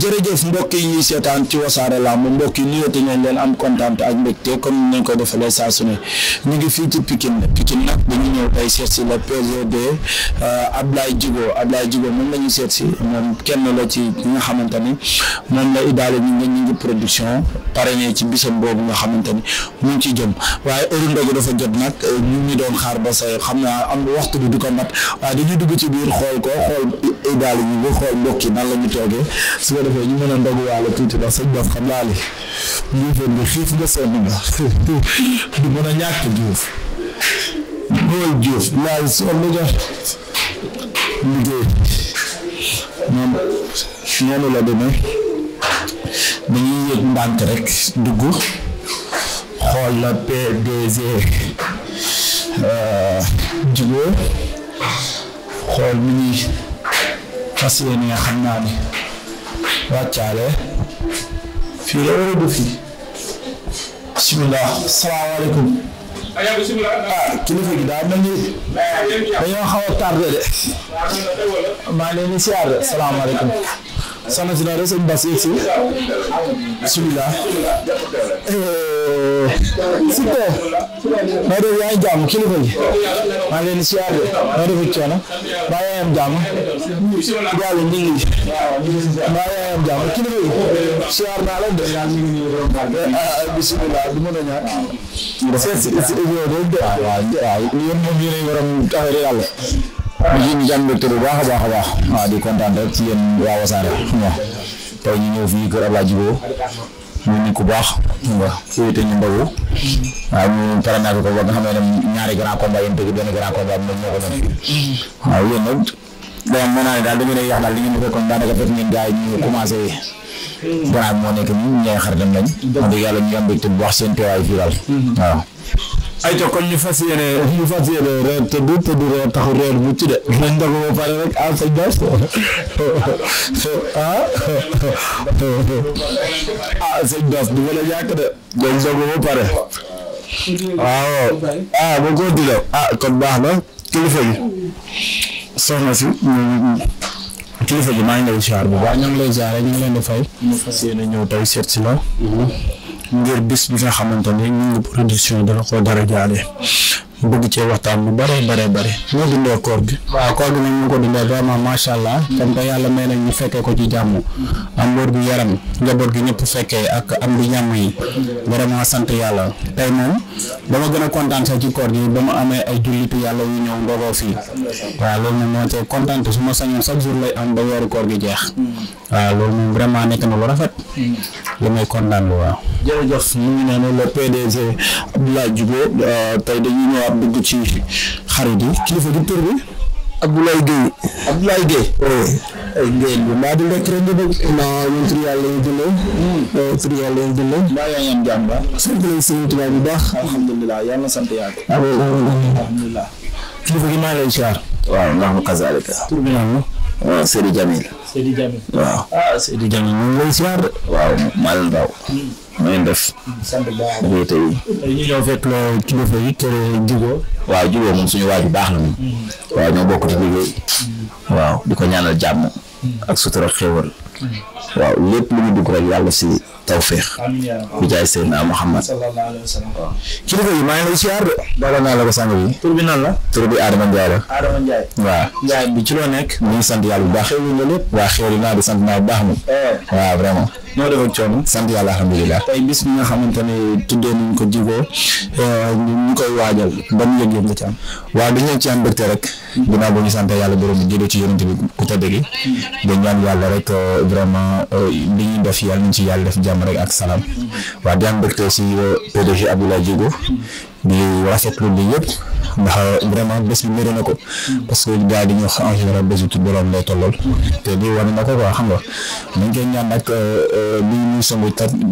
jërëjëf mbokk yi ñuy seetaan ci wasaare mu mbokk yi nuyooti ngeen leen am kontaan ak mbégte comme nañ ko defalee saa su ñu ngi fii ci Pikine Pikine nag dañu ñëw tey seet si le PGD euh, Ablaye Djigo Ablaye Djigo moom la ñu seet si moom kenn la ci nga xamante ni moom la idaale ñu ñu ngi production parrainé ci bisam boobu nga xamante ni mu ngi ci jëm waaye heure ndogu dafa jot nag euh, ñu ñu doon xaar ba say xam naa am waxtu bi du ko mat waaye dañuy dugg ci biir xool ko xool ñu ngi xool mbokk yi nan la ñu toogee ko defee ñu mën a ndoguwaale tuuti ndax sëñ Bass xam naa li njuufeen bi xiif nga sonn nga du mën a ñàkk juuf góol juuf laay sonn nga liggéey noonu noonu la demee dañuy yëg ndànk rek dugg xool la PDG euh, jubóo xool mi ñuy fas yéene nga xam naa ni wàccaale fii la wala du fii bisimilah salaamaaleykum ah kilifa gi daa mel ni dañoo xaw a tardé de maa ngi soxna si daal sëñ Bass yegsi bisimilah si ko maa def yaa ngi jàmm kilifa gi maa ngi leen di siyaare maa def coono maa yaa yam jàmm yàlla ñu ngi maa yaa yam jàmm kilifa gi siyaar naa la de bisimilah du mën a ñàkk seet si waaw waaw yéen moom yéen a ngi waroon affaire yàlla ñu ngi jàmm mbégte bu baax a baax a baax waaw di kontaan rek ci yéen waa Wassare xam ñu ñëw fii kër Ablaye ku baax xam nga féete ñu mbagu waaw ñu pare naa ko ba nga xam ne ñaari grand combat yéen tëgg benn grand combat moom moo ko nag bon mën naa ne daal dañu lay yàq daal li ngeen di fekkoon daanaka fekk ngeen yi ñu commencé gannaaw moo nekk nii ñooy xaritam lañ wax dëgg yàlla ñu am mbégte bu baax seen teewaay fii daal waaw ayca kon ñu fas yéene ñu fas yéene reer te du te du reer taxul reer bu ci de nañ dako pare rek ah sëñ Bass ah ah sëñ de nañ dako ba pare ah ba continué ah kon baax na kilifa gi soxna si kilifa gi maa ngi lay ziar bu baax ñu ngi lay ziar ñu ngi leen di fay ngir bis bi nga xamante ne ñu ngi production dana ko dara jaale bëgg cee waxtaan bu bare bare bare ñoo dundee koor gi waaw koor gi nag ñu ko dundee vraiment macha allah comme yàlla may nañ ñu fekkee ko ci jàmm am wér yaram njaboot gi ñëpp fekkee ak am lu ñàmm yi vraiment sant yàlla tey moom dama gën a kontaan ci koor gi ba mu amee ay jullitu yàlla yu ñëw ndogoo fii waaw loolu moom moo cee su ma sañoon chaque jour lay am ba weeru koor gi jeex waaw loolu moom vraiment nekk na lu rafet. Hmm. li may kontaan lu waaw. jërëjëf mu ngi noonu le PDG Abdoulaye Djigo euh, tey dañuy ñëwaat dugg ci xarit yi kilifa du bi. Abdoulaye Gueye. Abdoulaye Gueye. ay ngeen di lekk rek nga bëgg. maa ñun tur yàlla ñu dundee. Hmm. tur yàlla am jàmm ba. sant nañ sëñ Tuubaa bu baax. alhamdulilah yàlla na sant yàlla. Ah, alhamdulilah. kilifa gi maa ngi lay waaw ndax mu kasaalika. tur bi naan la. Ah, Seydou Jamil. Seydi Diame waaw ah Seydi Diame ñu ngi lay siyaar waaw Malick Ndao ñu hmm. ngi def. Hmm, sant bu baax la tey ñu ñëw fekk la kilifa yi kër Djigo. waaw Djigo moom suñu waaj bu baax la moom. Hmm. waaw ñoo bokk di liggéey. waaw di ko ñaanal jàmm. ak sutura xéwal. waaw lépp lu ñu dugg rek yàlla si. tawféex. bi jaay Seydina Muhammad. waaw. kilifa yi maa ngi lay siyaar de. dalal naa la ko sant bi. tur bi la. tur bi Adama Ndiaye la. Adama Ndiaye. waaw. Ndiaye bi ci loo nekk. ñu ngi sant yàlla bu baax. xéwlu nga lépp. waa xéwlu naa di baax moom. Eh. waaw vraiment. coono. sant yàlla alhamdulilah. tey bis bi nga xamante ne tuddee nañ ko Djigo eh, ñu koy waajal. ba yëg-yëg nga ci am. waaw dañoo ci am mbégte rek. ginnaaw ba ñu sant yàlla borom bi jëlee ci yonent bi ku tedd gi dañ ñaan yàlla rek euh, vraiment euh, li ñuy def yàlla nañ ci yàlla def jàmm rek ak salaam waa di am mbégte si euh, PDG Abdoulaye jigo di rafetlu lii yëpp ndax vraiment bés bi méré na ko parce que gars yi dañuy wax en général bésu tudd borom lay tollool te lii wane na ko quoi xam nga dañ koy ñaan nag lii euh, muy euh, songu tat lii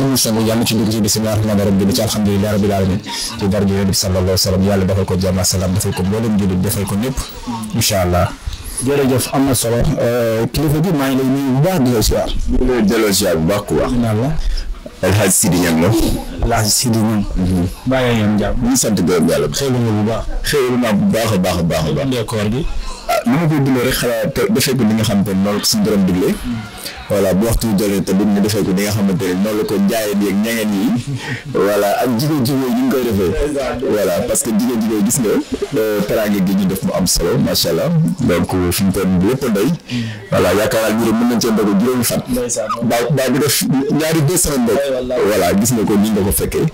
muy songu yàlla ci dugg ci bisimilah rahmaani rahiim ci alamin ci dara ji yonent bi sallallahu alayhi wa sallam yàlla defal ko jàmm salaam ko mboolem jullit defal ko ñëpp incha allah. jërëjëf am na solo euh, kilifa gi maa ngi lay nuyu bu baax di la bu baax ku alxaaj Sidi ñam la. alxaaj Sidi ñam. baa ngi mu jàmm. ñu ngi sant gërëm yàlla. xéwlu nga bu baax. xéwlu naa bu baax a baax a baax a baax. ndee koor gi. ah ni ma koy dundee rek xalaat dafay ko li nga xam te noonu ko suñu borom diglee. Mm. voilà bu waxtu jotee te duñ ñu defee ko ni nga xamante ne la ko jaayee bi ak ñangeen ak jigéen jigéen ñu ngi koy defee voilà parce que jigéen jigéen gis nga euh, teraange gi ñu def mu am solo macha allah donc euh, fi mu toll lépp a doy voilà yaakaar naa ñu mën nañ cee ndogu juróomi fan baa baa bi def ñaari deux semaines rek voilà gis nga ko nii nga ko fekkee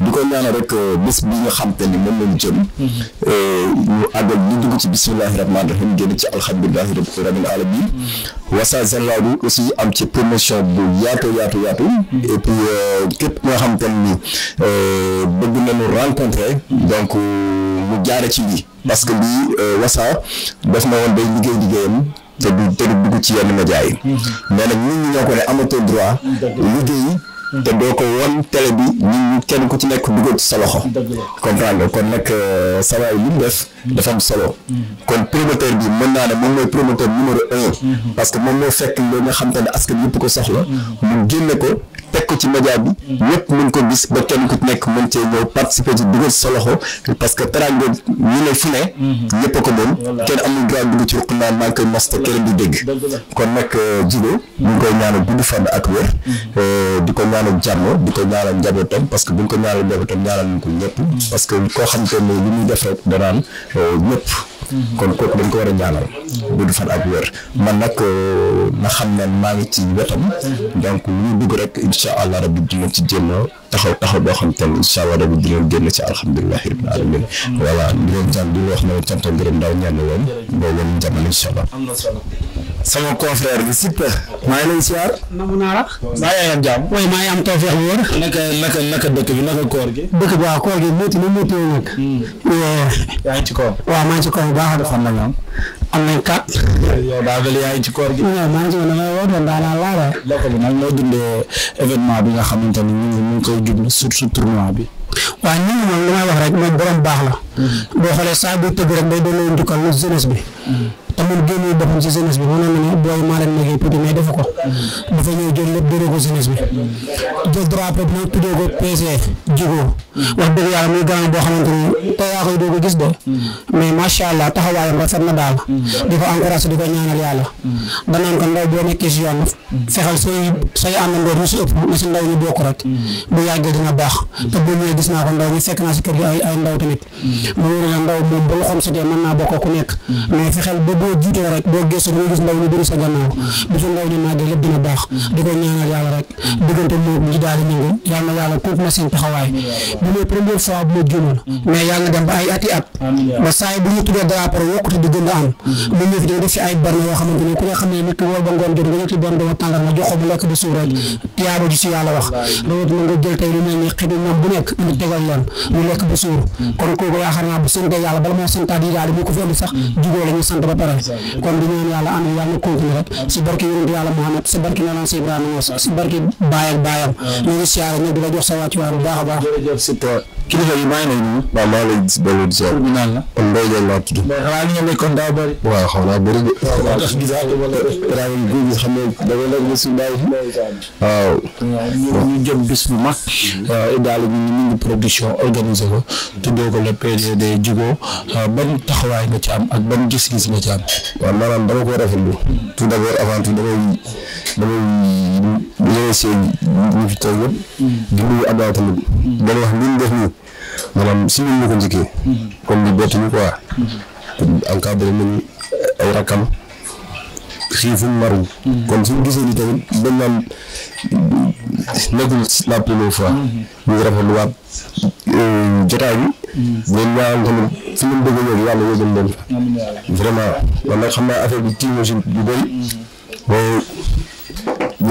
di ko ñaanal rek euh, bés bi nga xam te ni moom lañu jëm mm-hmm. ñu àggal ñu dugg ci bismillahi rahmaani rahim génn ci alhamdulilahi rabbil alamin aussi am ci promotion bu yaatu yaatu yaatu et puis euh, képp nga xam tam ni euh, bëgg na nañu rencontrer donc euh, mu jaare ci lii parce que lii Wassare daf na woon day liggéey liggéeyam te du te du dugg ci yenn média yi mm-hmm. mais nag ñun ñi ñoo ko ne amatul droit liggéey te doo ko won télé bi ñu kenn ku ci nekk dugal ci sa loxo. kon nag euh, saa waay li mu def. Mm-hmm. dafa am mm-hmm. kon promoteur bi mën naa ne moom mooy promoteur numéro un. Mm-hmm. parce que moom moo fekk loolu nga xam te ne askan ñëpp ko soxla. mu génne ko teg ko ci bi. ñëpp mën ko gis ba kenn ku ci nekk mën cee ñëw participer ci dugal parce que teraanga ñu ne fu ne. ko doon kenn amul droit dugg ci ruq naan maa ngi koy kon nag euh, Djigo ñu ngi koy ñaanal gudd fan ak wér. Euh, ñaanal Thierno di ko ñaanal njabootam parce que bu ñu ko ñaanal njabootam ñaanal nañ ko ñëpp. parce que koo xam te ne li muy def rek danaan euh, mm-hmm. kon kooku ko war a ñaanal. Mm-hmm. gudd fan ak wér. man nag euh, na xam ne maa ngi ci wetam. Mm-hmm. donc lu ñu dugg rek incha allah rabbi dina ci génn taxaw taxaw doo xam te ne incha allah rabbi dina génn ci alhamdulilah rabbil alamin. voilà di leen sant di leen wax ne leen sant ngërëm ndaw ñaan leen. boo leen jamono incha allah. sama confrère bi Siteu maa ngi lay siyaar. namu naa la. maa ngi am jàmm. waaye maa ngi am tawfeex bu wër. naka naka naka dëkk bi naka koor gi. dëkk bi waaw koor gi métti na métti na nag. Hmm. yaa ngi ci koor. waaw maa ngi ci koor bu baax a defar nag am. am nañ kat. yow daa mel yaa ngi ci koor gi. waaw maa ngi ci woon damay woote daa naa laara. lëkk bi nag noo dundee événement bi nga xamante ni ñu ngi ñu ngi koy jublu surtout tournoi bi. waaw ñu ngi moom li may wax rek moom borom baax la. Hmm. boo xoolee saa bu tëgg rek day doon njukkal jeunesse bi. Hmm. ma génne boppam ci jeunesse bi mënoon na ne booy maa leen magee tuuti ko dafa ñëw jël lépp dóoree ko jeunesse bi jël drapeau bi nag tuddee ko PC Djigo wax dëgg yàlla muy doo ko gis de mais macha allah taxawaayam si yoon fexeel sooy sooy àndandoo na si ndaw ñu bokk rek bu yàggee dina baax te bu ñëwee gis naa ko ndaw ñu fekk naa si kër gi ay ndaw tamit mu wóor la ndaw moom ba loxoom sotee naa bokk ku nekk mais fexeel ba boo jiitoo rek boo gëstu boo gis ndaw lu bëri sa gannaaw bu sa ndaw di màgg lépp dina baax di ko ñaanal yàlla rek diggante moom ji daal di ñëw yal na yàlla kooku na seen taxawaay bu mooy première fois bu ma juumal mais yàlla nga dem ba ay ati at ba saa yi bu ñu tuddee drapeau yokkute di gën a am mu ñëw fi dañu def fi ay berne yoo xamante ni ku nga xam ne nit ki wóor ba ngoon jot nga ñëw ci berne dama tàngal nga jox ko bu lekk di suur rek tiyaaba ji si yàlla wax rawat na nga jël tey lu mel ni xëy na bu nekk ñu tegal yoon lu lekk bu suur kon kooku yaakaar naa bu sante yàlla bala moo santaat yi daal di mu ko fi indi sax jugoo la ñu sant ba pare dara kon di ñaan yàlla ànd yàlla continuer rek si barke yonent yàlla Muhammad si barke Maolana si Ibrahima Niass si barke Baye ak Bayam ñu jox sa wàccuwaay bu baax a baax kilifa yi bàyyi nañ ñu. maa la kon Mbaye nga nekkoon daa bëri. waaw de. waaw waaw gis naa ko wala. rajo bi xam ne dama nekk ba suñu bàyyi. waaw. ñu jëm bis bu mag. production organisé ko. tuddoo ko le PDD taxawaay nga ci am ak ban gis-gis nga ci am. waaw maanaam dama ko rafetlu. tout d'abord avant tout damay damay remercier ñu fi toog yëpp. Mm. di nuyu Abdou Talib. Mm. dana wax li ñu def maanaam si ñun la ko njëkkee. kon li bett ñu quoi. encadré nañ ay rakam xiifuñ maruñ. kon suñu gisee ni tamit dañ nekkul la première fois. ñu ngi rafetlu waat euh, jotaay bi. leen ñaan tamit fi ñu bëgg a ñëw yàlla yóbbuñ leen fa. vraiment man nag xam naa affaire bi tiimoo si bu bëri.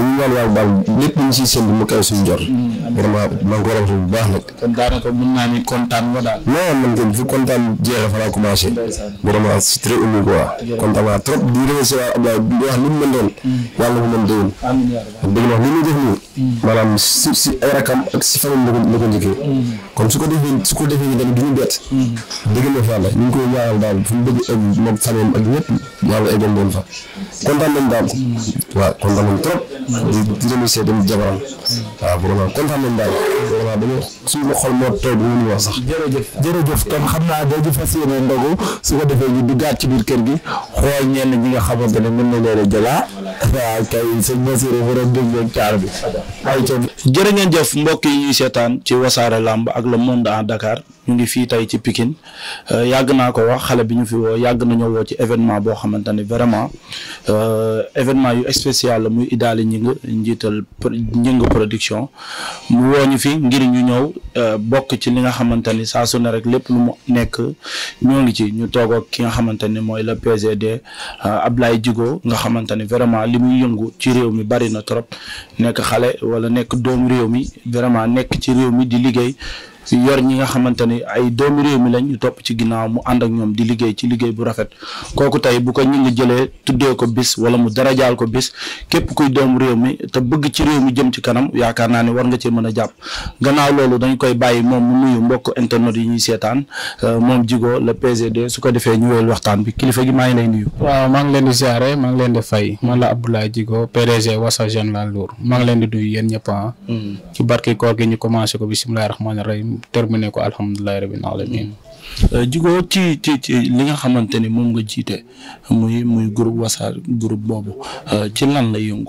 bu ñu ñaan yàlla daal lépp ñu siy séntu mu kaw suñu jor mm, vraiment maa ngi ko rafetlu bu baax nag. kon daanaka mën naa ni kontaan nga daal. non man kay fu kontaan jeexee fa laa commencé. vraiment c'est très humble quoi. kontaan naa trop di remercier waa Abdoulaye di wax li mu mën doon. Mm. yàlla bu mën déwén. dëgg wax li mu def nii. Mm. maanaam si si ay rakam ak si famille la ko la ko njëkkee. comme su ko defee su ko defee nii tamit du ñu bett. dëgg la fa la ñu ngi koy ñaanal daal fu mu bëgg ak moom famille ak ñëpp yàlla eggoon doon fa kontaan nañ daal. waaw kontaan nañ trop. di di remercier dem jabaram waaw vraiment kontaan nañ daal vraiment dañoo xol moo tooy bu ñu wax sax. jërëjëf jërëjëf kon xam naa dañu fas yéene ndogu su ko defee ñu duggaat ci biir kër gi xool ñi nga xamante ne mën na leen a jëlaa waaw kay sëñ Bassirou war a dégg taar bi. jërë ngeen jëf mbokk yi ñuy seetaan ci wasaare làmb ak le monde en Dakar ñu ngi fii tey ci pikin euh, yàgg naa ko wax xale bi ñu fi woo yàgg nañoo woo ci événement boo xamante ne vraiment euh, événement yu spécial la muy Idaly Gningue njiital Gningue production mu woo ñu fi ngir ñu ñëw euh, bokk ci li nga xamante ni saa su ne rek lépp lu mu nekk ñoo ngi ci ñu toog ak ki nga xamante ni mooy le PGD euh, Ablaye Djigo nga xamante ni vraiment li muy yëngu ci réew mi bari na trop nekk xale wala nekk doomu réew mi vraiment nekk ci réew mi di liggéey. yor ñi nga xamante ni ay doomi réew mi lañ ñu topp ci ginnaaw mu ànd ak ñoom di liggéey ci liggéey bu rafet kooku tey bu ko ñi ngi jëlee tuddee ko bis wala mu darajaal ko bis képp kuy doomu réew mi te bëgg ci réew jëm ci kanam yaakaar naa ne war nga cee mën a jàpp gannaaw loolu dañ koy bàyyi moom mbokk internet yi ñuy seetaan euh, moom Djigo le PGD defee ñu wéyal waxtaan bi kilifa gi maa ngi lay nuyu. waaw maa ngi leen di ziare maa ngi leen di fay man la Abdoulaye Djigo PDG Wassa Jeune Lour maa ngi leen di nuyu yéen ñëpp ah. hmm. ci barke koor gi ñu commencé ko bismillaahi rahmaani rahim terminé ko alhamdulillahi la alamin Euh, Djigo ci ci ci li nga xamante ni moom nga jiite muy muy groupe Wassare groupe boobu euh, ci lan lay yëngu.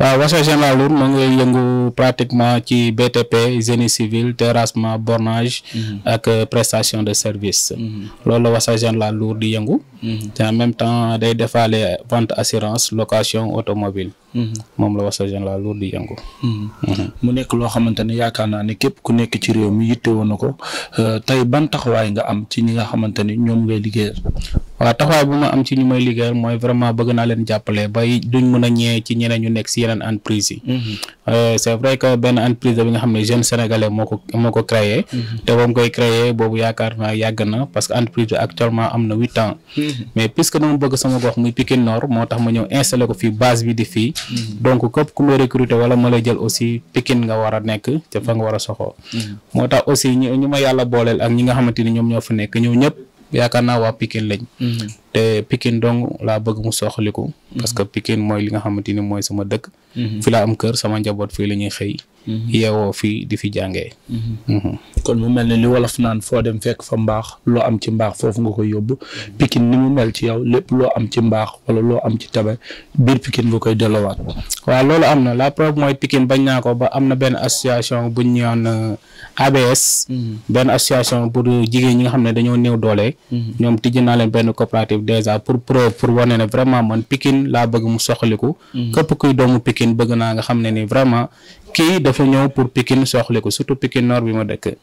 waaw Wassare Général Lourdes yëngu pratiquement ci BTP génie civil mm-hmm. ak euh, prestation de service. Mm-hmm. loolu la Wassare Général Lourdes di yëngu. Mm-hmm. te même temps day defaale vente assurance location automobile moom la Wassare Général Lourdes di yëngu. mu nekk loo xamante yaakaar naa ne képp ku nekk ci réew mi yitte woon na ko tey ban taxawaay nga am. am ci ñi nga xamante ñoom ngay liggéeyal waaw taxawaay bu ma am ci ñu may liggéeyal mooy vraiment bëgg naa leen jàppale bay duñ mën a ñëwee ci ñeneen ñu nekk si yeneen entreprise yi mhm. euh, c'est vrai que benn entreprise bi nga xam ne jeune sénégalais moo ko moo mhm. te boobu yaakaar naa yàgg na parce que entreprise bi actuellement am na huit ans mhm. mais puisque dama bëgg sama gox muy Pikine Nord moo tax ma ñëw installé ko fii base bi di fii donc képp ku may recruter a a ñoo fa nekk ñëw ñëpp yaakaar naa waa Pikine lañ. Mm-hmm. te Pikine dong laa bëgg mu soxaliku. parce que mm-hmm. Pikine mooy li nga xamante ni mooy sama dëkk. Mm-hmm. fi laa sama njaboot fii la xëy. Mhm. yeewoo fi di fi jàngee. Mhm. Mhm. kon mu mel ni li wolof naan foo dem fekk fa mbaax loo am ci mbaax foofu nga koy yóbbu pikin ni mu mel ci yaw lépp loo am ci mbaax wala loo am ci tabe biir pikin nga koy delloowaat. waaw loolu am na la preuve mooy pikin bañ naa ko ba am na benn association bu ñu ñaan euh, ABS. benn association pour jigéen ñi nga xam ne dañoo néew doole. ñoom tijji naa leen benn coopérative déjà pour preuve pour wane ne vraiment man pikin laa bëgg mu soxaliku. képp kuy kii dafa ñëw pour Pikine soxle ko surtout Pikine Nord bi ma dëkk.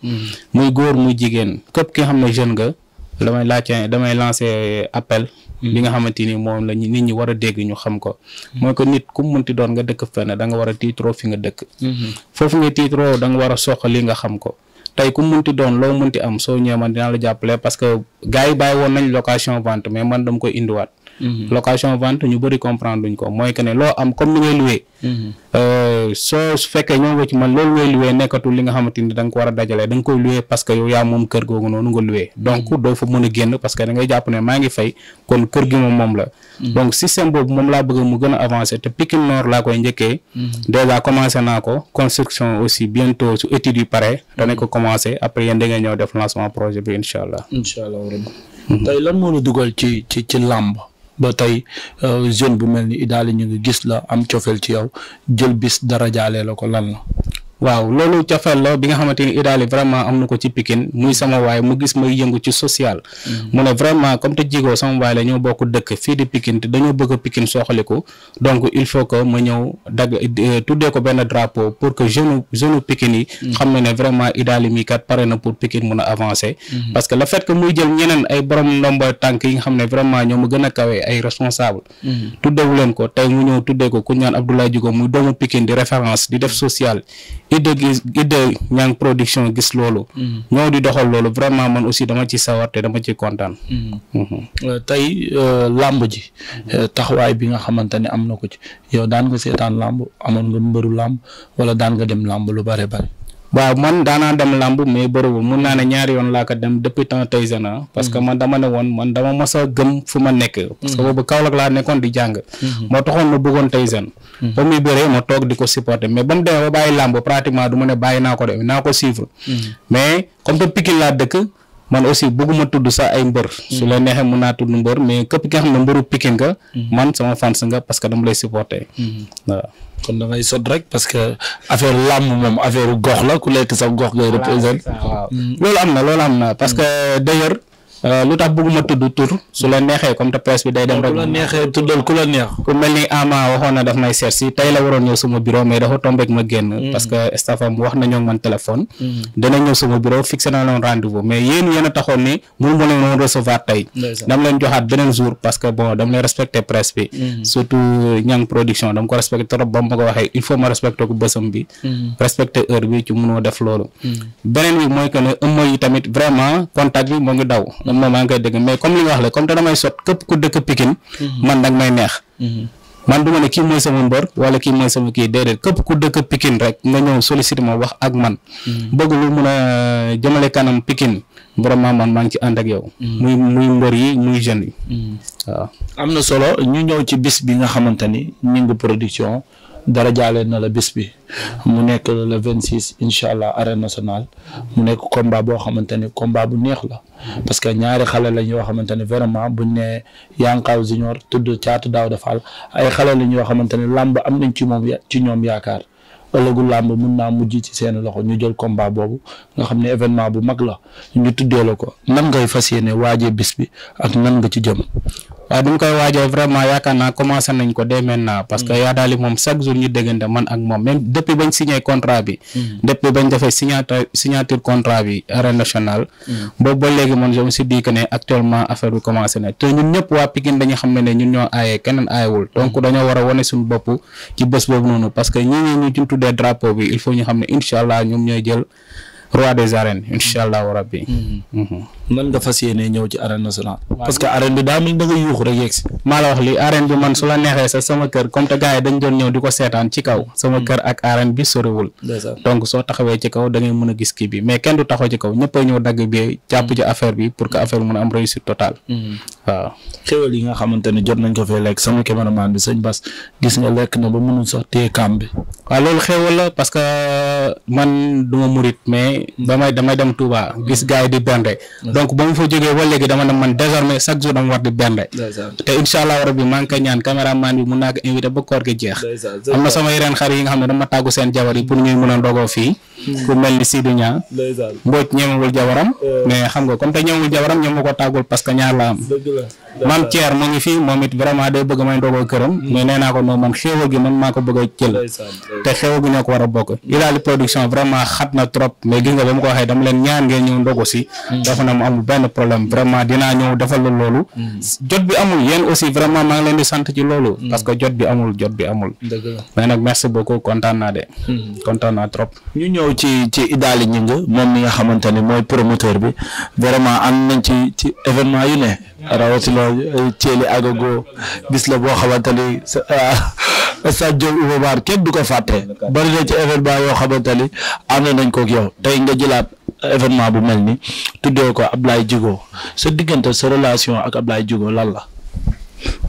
muy góor muy jigéen képp ki xam ne jeune nga damay laajte damay lancer appel. li hmm. nga a xam ko. Hmm. mooy da nga war a tiitroo fi nga dëkk. Hmm. foofu nga tiitroo da nga war a soxali nga xam ko. tey ku munti doon loo munti am soo ñëwee dinaa la jàppale parce que yi bàyyi woon nañ location vente mais man dama koy indiwaat. Mhm. location vente ñu bëri comprendre luñ ko mooy que ne loo am comme ni ngay loué. Mhm. Euh, soo su fekkee ñoo nga man loolu ngay loué nekkatul li nga xamante ni da nga war a dajale da nga koy loué parce que yow yaa moom kër googu noonu nga loué mhm. donc doo fa mën a génn parce que da jàpp ne maa ngi fay kon kër gi moom moom la. donc système boobu moom laa bëgg mu gën a avancer te Pikine Nord laa koy njëkkee. déjà commencé naa ko construction aussi bientôt su études yi pare danañ ko commencé après yéen da ngeen ñëw def lancement projet bi incha allah. incha allah tey lan moo la ci ci ci làmb. ba tey euh, jeune bu mel ni Idda ñu ngi gis la am cofeel ci yow jël bis dara jaalee la ko lan la. waaw loolu cofeel la bi nga xamante ni Idaly vraiment am na ko ci Pikine muy sama waay mu gis may yëngu ci social. Mm-hmm. mu ne vraiment comme te jigoo sama waay la ñoo bokk dëkk fii di Pikine te dañoo bëgg a Pikine soxaliku donc il faut que ma ñëw dagg euh, tuddee ko benn drapeau pour que jeune jeune Pikine yi. Mm-hmm. xam na ne vraiment Idaly mi kat pare na pour Pikine mun a avancer. Mm-hmm. parce que le fait que muy jël ñeneen ay borom ndomba tànk yi nga xam ne vraiment ñoo ma gën a kawe ay responsable. tuddewu leen ko tey mu ñëw tuddee ko ku ñaan Abdoulaye Djigo muy doomu Pikine di référence di def social. idda gis idda ñang production gis loolu mm-hmm. ñoo di doxal loolu vraiment man aussi dama ci sawar te dama ci kontaan mm-hmm. Mm-hmm. Euh, tey euh, làmb ji euh, taxawaay bi nga xamante ne am na ko ci yow daan nga seetaan làmb amoon nga mbëru làmb wala daan nga dem làmb lu bare bare waaw man daanaa dem làmb mais bëriwul mun naa ne ñaari yoon laa ko dem depuis temps Tyson ah. parce que mhm. man dama ne woon man dama mos a gëm fu ma nekk. parce que mhm. boobu Kaolack laa nekkoon di jàng. Mhm. moo taxoon ma bëggoon Tyson. ba muy bëree ma toog di ko supporter mais ba mu demee ba bàyyi làmb pratiquement du ma ne bàyyi naa ko de naa ko suivre. mais comme que Pikine laa dëkk. man aussi bëgguma tudd sax ay mbër. su la neexee mun naa tudd mbër mais képp ki xam ne mbëru kon da ngay sot rek parce que affaire làmb moom affaire gox la ku lekk sa gox ngay représenté. Mm. loolu am na loolu am na parce que mm. d'ailleurs Euh, lu tax bëgguma tudd tur su la neexee comme te presse bi day dem rek. ku la neexee tuddal ku la neex. ku mel ni Ama waxoon a bi. Mm. surtout ñang production ko respecté trop ba ma ko waxee il faut ma respecté ko bësam bi. Mm. respecté heure bi ci mënoo def loolu. Mm. beneen bi mooy que ne ëmb yi tamit vraiment contact bi moo ngi daw. moom maa ngi koy mais comme li nga wax la comme te damay sot képp ku dëkk Pikine mhm. man nag may neex mhm. man du ma ne kii mooy sama mbër wala kii mooy sama kii déedéet képp ku dëkk Pikine rek nga ñëw sollicité ma wax ak man mhm. bëgg lu mun a jëmale kanam Pikine vraiment man maa ngi ci ànd ak yow muy muy mbër yi muy jeunes yi waaw am na solo ñu ñëw ci bis bi nga xamante ni Gningue Production dara jaaleen na la bis bi mu nekk le vingt six incha allah arène nationale mu nekk combat boo xamante ni combat bu neex la parce que ñaari xale lañ yoo xamante ne vraiment buñ ne Yankaw Junior tudd caatu Daouda Fall ay xale lañ yoo xamante ne làmb am nañ ci moom ci ñoom yaakaar ëllëgu làmb mun naa mujj ci seen loxo ñu jël combat boobu nga xam ne événement bu mag la ñu tuddee la ko nan ngay fas yéene waajee bis bi ak nan nga ci jëm. waaye duñ koy waajee vraiment yaakaar naa commencé nañ ko dès maintenant parce que mm. yaa daali moom chaque jour ñu déggante man ak moom même depuis bañ signé contrat bi mm. depuis bañ defee signature contrat bi arène nationale mm. boobu léegi man je me suis ne actuellement affaire bi commencé na te ñun ñëpp waa Pikine dañu xam ne ñun ñoo aayee keneen aayewul donc dañoo war a wane bopp ci bés boobu noonu parce que ñi ñu ci tuddee drapeau bi il faut ñu xam ne incha roi des arènes incha allahu rabbi. nan mm-hmm. mm-hmm. nga fas yéenee ñëw ci arène nationale. parce que arène bi daa mel da nga yuuxu rek yegg si. maa la wax li arène bi man su la neexee sax sama kër mm-hmm. ak arène bi soriwul. donc soo taxawee ci kaw da mën a gis kii bi mais kenn du taxaw ci kaw ñëpp a ñëw dagg bi jàpp ci affaire bi pour que affaire bi mën a am réussite totale. waaw xéwal yi nga xamante jot nañ ko fee lekk sama cameraman bi sëñ Bas gis nga lekk waaw loolu xéwal la parce que euh, man du ma murit mais ba may damay dem Touba gis gars di bernde donc ba mu fa jógee ba léegi dama ne man désormais chaque jour dama war di bernde te incha allah rabbi maa ngi koy ñaan caméraman bi mun naa ko invité ba koor gi jeex am na sama yeneen xar yi nga xam ne dama tàggu seen jabar yi pour ñuy mën a ndogoo fii ku mel ni Sidi Niang mbooj ñemewul jabaram eh. mais xam nga comme te ñemewul jabaram ñem ko tàggul parce que ñaar la am maam Thier mu ngi fi moom it vraiment day bëgg may ndogoo këram hmm. mais nee ko na trop mais dama leen ñaan ngeen ñëw ndogu si hmm. dafa na mu amul benn problème vraiment dinaa ñëw defal la loolu hmm. jot bi amul yéen aussi vraiment maa ngi leen di sant ci loolu parce que jot bi amul jot bi amul mais nag merci beaucoup kontaan de kontaan trop ci ci Idaly Gningue moom mi nga xamante ne mooy promoteur bi vraiment am nañ ci ci événement yu ne rawatina euh, Thielly Agogo bis la boo xamante ni euh, stade Diop Iba Mar kenn du ko fàtte bari na ci événement yoo xamante ni ànd nañ kook yow tey nga jëlaat événement bu mel ni tuddee ko Ablaye Djigo sa diggante su relation ak Ablaye Djigo lan la.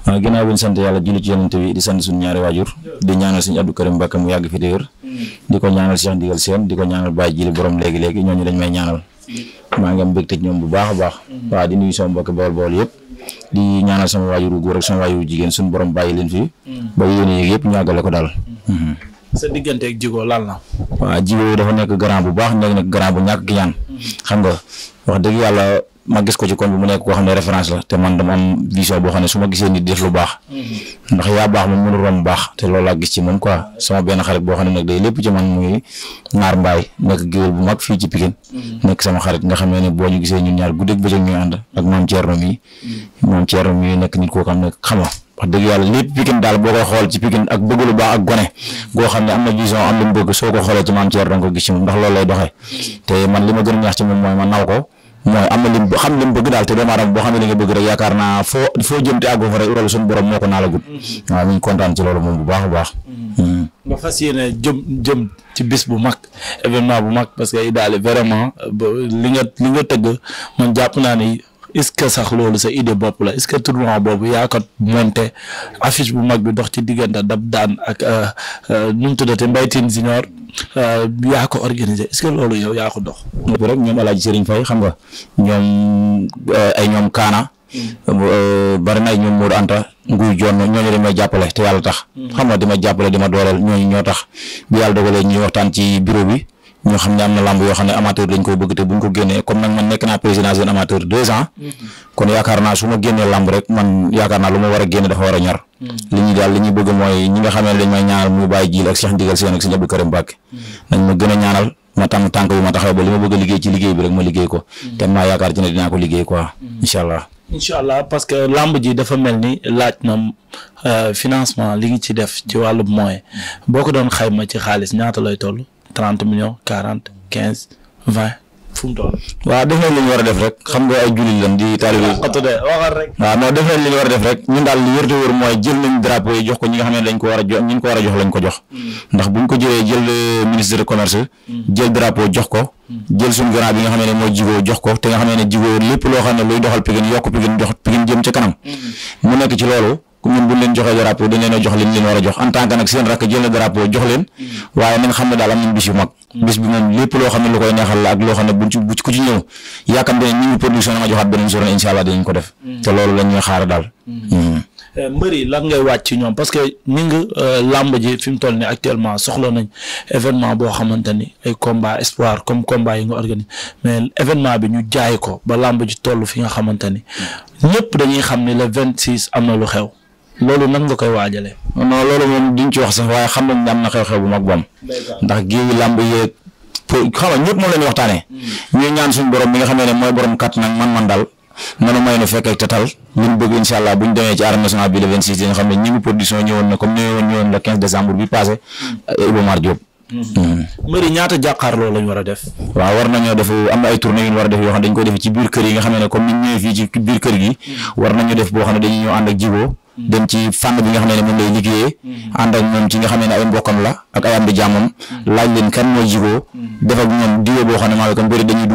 waaw ah, ginnaaw bi ñu sant yàlla julli ci yonent bi di sant suñu ñaari waajur di ñaanal suñu Abdou Karim Mbàkke mu yàgg fi di wér di ko ñaanal Cheikh Ndigal Sène di ko ñaanal Baye Jili borom léegi-léegi ñooñu dañ may ñaanal maa ngi am mbégte ñoom bu baax a baax waaw di nuyu sama mbokk bool bool yëpp di ñaanal sama waajuru góor ak sama waajuru jigéen suñu borom bàyyi leen fi ba yéene yëpp ñu àggale ko daal mhm. sa diggante ak Djigo lan la. waaw Djigo dafa nekk grand bu baax nekk nag grand bu ñàkk ki ñaan mhm. xam nga ma gis ko ci koñ bi mu nekk koo xam ne référence la te man dama am vision boo xam ne su ma gisee nit def lu baax mm-hmm. ndax yaa baax moom mënul romb baax te loolu laa gis ci man quoi sama benn boo xam ne nag day lépp ci man muy fii ci Pikine mm-hmm. nekk sama xarit nga xam ne boo ñu gisee ñun ñaar guddeeg bëccëg ñuy ànd ak moom Thierno mi moom mm-hmm. Thierno xam ne xam nga wax dëgg yàlla lépp Pikine daal boo koy xool ci Pikine ak bëgg lu na soo xoolee ci maam Thierno danga ko gis ci moom ndax loolu lay doxee te man li ma gën a ñaax ci moom mooy ma naw ko mooy am na lim xam lim bëgg daal te doomu aadama boo xam ne li nga bëgg rek yaakaar naa foo foo jëm te àggoo fa rek loolu suñu borom moo ko naalagut. Mm-hmm. waaw ñu ngi kontaan ci loolu moom bu baax a baax. nga mm-hmm. fas yéene jëm jëm ci bis bu mag événement bu mag parce que i daal vraiment li nga li nga tëgg man jàpp naa ni est-ce que sax loolu sa idée bopp la est-ce que tournoi boobu yaa ko monté affiche bu mag bi dox ci diggante dab daan ak euh, euh, nu mu tuddati Mbaye Tine Junior euh, yaa ko organisé est-ce que loolu yow yaa ko dox. rek ñoom El Hadj Serigne Faye xam nga ñoom ay ñoom Kaana. Mm. bari na ay ñoom Mour Anta nguy jonn ñooñu dañ may jàppale te yàlla tax. Mm. xam nga di ma jàppale di ma dooleel ñooñu ñoo tax bi yàlla dogalee ñuy waxtaan ci bureau bi. ñoo xam ne am na lamb yoo xam ne amateur lañ ko bëgg te buñ ko génnee comme nag man nekk naa président jeune amateur deux ans kon yaakaar naa su ma génnee lamb rek man yaakaar naa lu ma war a génne dafa war a ñor li ñu daal li ñu bëgg mooy ñi nga xam ne dañ may ñaanal muy bàyyi jiil ak Cheikh Ndigal Sène ak Serigne Abdou Karim Mbacké nañ ma gën a ñaanal ma tam tànk bi ma taxaw ba li ma bëgg a liggéey ci liggéey bi rek ma liggéey ko te maa yaakaar ci ne dinaa ko liggéey quoi que làmb dafa mel ni laaj na euh, financement li ngi ci def ci wàllu moyen boo ko doon xayma ci xaalis ñaata lay toll trente millions quarante quinze vingt. fu mu toll. waaw def nañ ñu war a def rek xam nga ay jullit lan di taalibe waaw non def nañ li ñu war a def rek ñun daal li wër te wër mooy jël nañ drapeau yi jox ko ñi nga xam ne dañ ko war a jox ñi ko a jox lañ ko jox mm. ndax buñ ko jëlee jël euh, ministre de commerce mm. jël drapeau jox ko mm. jël suñu grand bi nga xam ne mooy jigoo jox ko te nga xam ne jigoo lépp loo xam ne luy doxal Pikine yokk Pikine jox Pikine jëm ca kanam mu nekk ci loolu comme ñun joxe ñu leen joxee drapeau a war a jox en tant que nag seen rakk jël na drapeau jox leen mm. waaye nañ xam ne daal am nañ bis yu mag mm. bis bi moom lépp loo xam ne lu la ak loo xam ne buñ ci bu ku ci ñëw yaakaar ne ñu ngi production na ko def mm. te loolu lañ ñuy daal euh, mbër yi ngay wàcc ñoom parce que euh, làmb ji fi toll nii actuellement soxla nañ événement boo xamante ni ay combat espoir comme combat yi nga organise mais événement bi ñu jaay ko ba làmb ji toll fi nga xamante ni ñëpp dañuy xam ni le vingt six am na lu xew loolu nag nga koy waajale non loolu moom duñ ci wax sax waaye xam nañ ne am na xew-xew bu mag bom ndax géewi làmb yeeg pour xam nga ñëpp moom ñu waxtaanee. Hmm. ñaan suñu borom bi nga xam ne mooy borom kat nag man man daal nanu ñu bëgg incha allah bu ñu demee ci ne ñi ngi production ñëwoon na comme ñëwoon ñëwoon le 15 décembre bi passé hmm. Iba Mar Diop. Hmm. Mbëri ñaata jàkkaarloo lañ war a def. waaw war nañoo def am na ay tournée yu war a def yoo xam ne dañ ko def ci biir kër yi nga xam ne comme ni ñu ñëwee fii ci biir kër gi war nañu def boo xam ne dañuy ñëw ànd ak jigo dem ci fànn bi nga xam ne moom lay liggéeyee mm-hmm. ànd ak ci nga xam ne ay mbokkam la ak ay am di mm-hmm. laaj leen kan mooy jikko mm-hmm. def ak ñoom diwee boo xam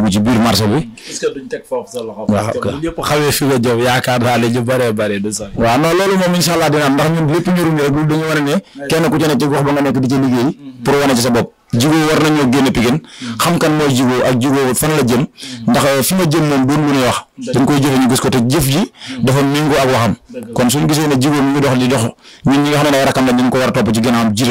ci biir marché bi est sa loxo waaw ñëpp xamee fi naa ne ñu bëree bëri du sax waaw non loolu moom insha allah dina am ndax ñun lépp ñëruñu rek dañu war a ne kenn ku ci ne ci gox ba nga nekk di ci liggéey pour wane ci sa bopp Djigo war nañoo génn Pikine xam kan mooy Djigo ak Djigo fan la jëm ndax euh, fi ma jëm moom doon lu ñuy wax dañ koy jëfe ñu gis ko te jëf ji dafa méngoo ak waxam kon suñu gisee ne Djigo mi ngi dox di dox ñun ñi nga xam ne ay ko war a topp ci mm. a dëgg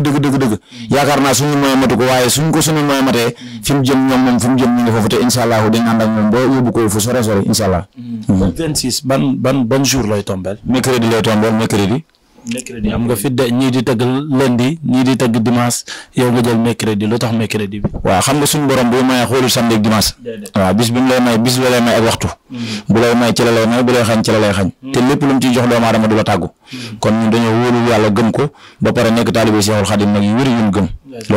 dëgg dëgg dëgg mm. yaakaar naa waaye suñ ko suñu moy matee mm. moom fi mu jëm ñu ngi foofu te incha allah dañ ànd ak moom ba yóbbu ko fu sore sore incha mercredi am nga fi de ñii di tëgg lundi ñii di tagg dimanche yow nga jël mercredi lu tax mercredi bi. waaw xam nga suñu borom bu la mayee xoolul samedi ak dimanche. waaw bis bi mu lay may bis la lay may ak waxtu. Mm-hmm. bu lay may ci la may bu lay xañ ci mm-hmm. ciy jox doomu aadama du la tàggu. Mm-hmm. kon ñun dañoo wóolu yàlla gëm ko ba nag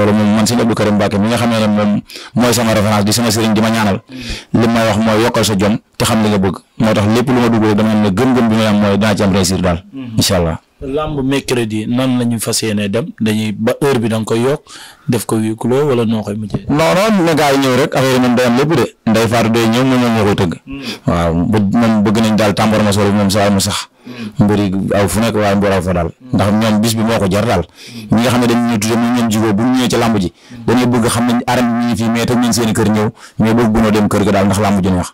moom man sëñ Abdou Karim Mbacke nga xam ne moom mooy sama référence di sama sëriñ di ma ñaanal li may wax mooy yokkal sa jom te xam li nga bëgg moo tax lépp lu ma dugg rek dama ne gëm-gëm bi may mooy dinaa ci am réussir daal incha làmb mercredi nan la ñu fas yéenee dem dañuy ba heure bi da nga koy yokk def ko huis clos wala noo koy mujjee. non non na ñëw rek affaire yi moom day am lépp de Ndeye Fatou day ñëw moom moo koy tëgg. Hmm. waaw bu moom bëgg nañ ma mu sax. Hmm. mbir yi aw fu nekk waaye mu war fa daal. Hmm. ndax ñoom bis bi moo ko jar daal. ñi nga xam ne dañu ñëw tuddee ci làmb ji. dañuy bëgg xam ne arène bi ñu ngi fii mais teg nañ seen i kër ñëw mais bëgg gunóor dem kër ga daal ndax làmb ji wax.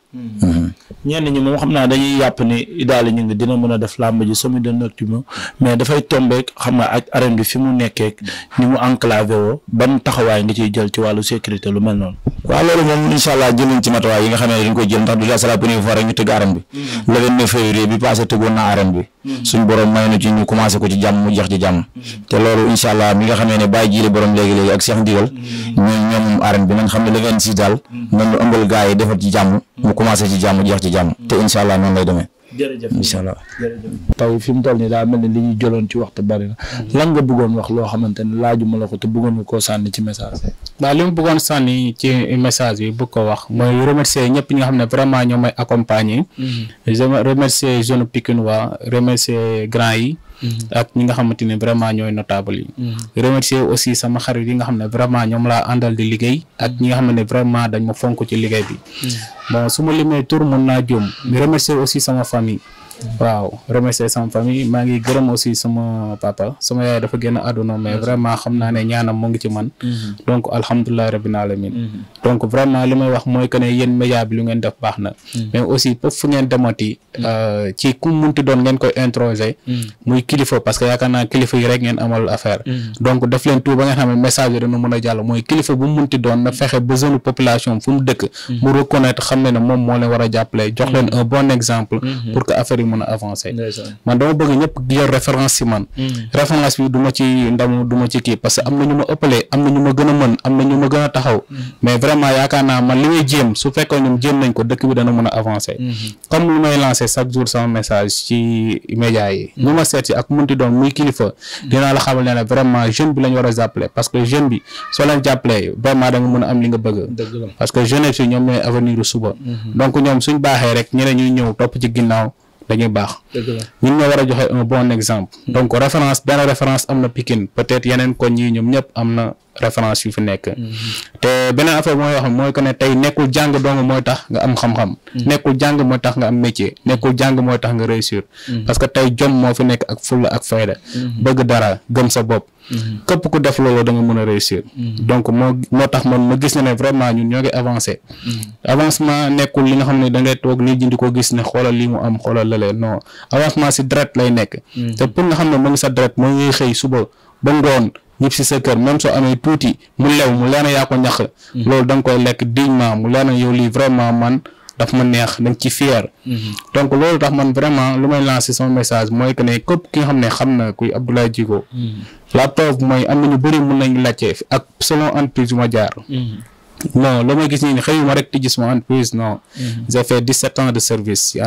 ñenn ñi moom xam naa dañuy yàpp ni Idda ñu ngi dina mën a def làmb ji semi de nocturne mais dafay tombeek xam nga ak arène bi fi mu nekkee ni mu enclavé woo ban taxawaay nga ciy jël ci wàllu sécurité lu mel noonu. waaw loolu moom incha allah jël nañ ci matuwaay yi nga xam ne dañ koy jël ndax du la c'est la première fois ñu tëgg arène bi. Mm-hmm. le 29 février bi passé tëggoon na arène bi. Mm-hmm. suñ borom may na ci ñu commencé ko ci jàmm mu jeex ci jàmm mm-hmm. te loolu incha allah mi nga xamee ne bàyyi jiile borom léegi-léegi ak Cheikh Ndigal mm-hmm. ñoom ñoom arène bi nañ xam ne le 26 daal nañ ëmbal gaa yi defar ci jàmm mu commencé ci jàmm jeex ci jàmm te incha allah noonu lay demee jërëjëf incha allah taw fi mu toll nii daa mel ni li ñu jëloon ci waxtu bari na mhm. lan nga bëggoon wax loo xamante ne laajuma la ko te bëggoon nga koo sànni ci message bi. li mu bëggoon sànni ci message bi bëgg ko wax mooy remercier ñëpp ñi nga xam ne vraiment ñoo may accompagner. Mhm. je remercier jeune Pikinois remercier grand yi. Mm-hmm. ak ñi nga xamante vraiment ñooy notable yi mm-hmm. remercier aussi sama xarit yi nga xam ne vraiment ñoom laa àndal di liggéey ak ñi nga xam vraiment dañ ma fonk ci liggéey bi mm-hmm. bon su ma limee tur mën naa juum remercier aussi sama famille waaw remercier sama famille maa ngi gërëm aussi sama papa sama yaay dafa génn àdduna mais mhm. vraiment xam naa ne ñaanam mu ngi ci man mhm. donc alhamdulilah rabbil alamin mhm. donc vraiment li may wax mooy que ne yéen média bi lu ngeen def baax na mais aussi foofu fu ngeen demati euh, ci ku munti doon ngeen koy introsé muy kilifa parce que yaakaar naa kilifa yi rek ngeen amal affaire donc def leen tout ba nga xam ne a jàll mooy kilifa bu munti doon na a di mën a avancer. man dama bëgg ñëpp yor référence si man. Mm. référence bi du ci ndamu du ci kii parce que am na ñu ma am na ñu gën a mën am na a mm. a mm-hmm. mm. a nga a bëgg. parce que jeunesse yi ñoom ñooy avenir suba. Mm-hmm. donc ñoom suñ baaxee rek ñeneen ñuy ñëw topp ci ginnaaw. dañuy baax. ñun ñoo war a joxe un bon exemple. Hmm. donc référence benn référence am na Pikine peut-être yeneen koñ yi ñoom ñëpp am na référence yu fi nekk. Hmm. te beneen affaire mooy wax mooy que ne tey nekkul jàng dong mooy tax nga am xam-xam. Hmm. nekkul jàng mooy tax nga am métier nekkul jàng mooy tax nga réussir. parce que tey jom moo fi nekk ak fulla ak fayda. bëgg dara gëm sa bopp. képp ku def loolu da nga mën a réussir. Mm-hmm. donc moo moo tax man ma gis na ne vraiment ñun ñoo ngi avancé. Mm-hmm. avancement nekkul li nga xam ne da ngay toog lii jëndi ko gis ne xoolal li mu am xoolal la leen no avancement si direct lay nekk. Mm-hmm. te pour nga xam ne mu ngi sa direct moo ngi xëy suba ba ngoon. ñëpp si sa kër même soo amee tuuti mu lew mu leen yaa ko ñax loolu da nga koy lekk ma mu leen yow lii vraiment man daf ma neex da nga ci fier mhm. donc loolu tax man vraiment lu may lancer sama message mooy que ne képp ki nga xam ne xam na kuy Abdoulaye a mhm. la preuve mooy am na ñu bëri mun nañu laajte ak selon entreprise yu ma jaar mhm. non lu ma gis nii xëyuma rek di gis ma entreprise non j'ai fait dix-sept ans de service yi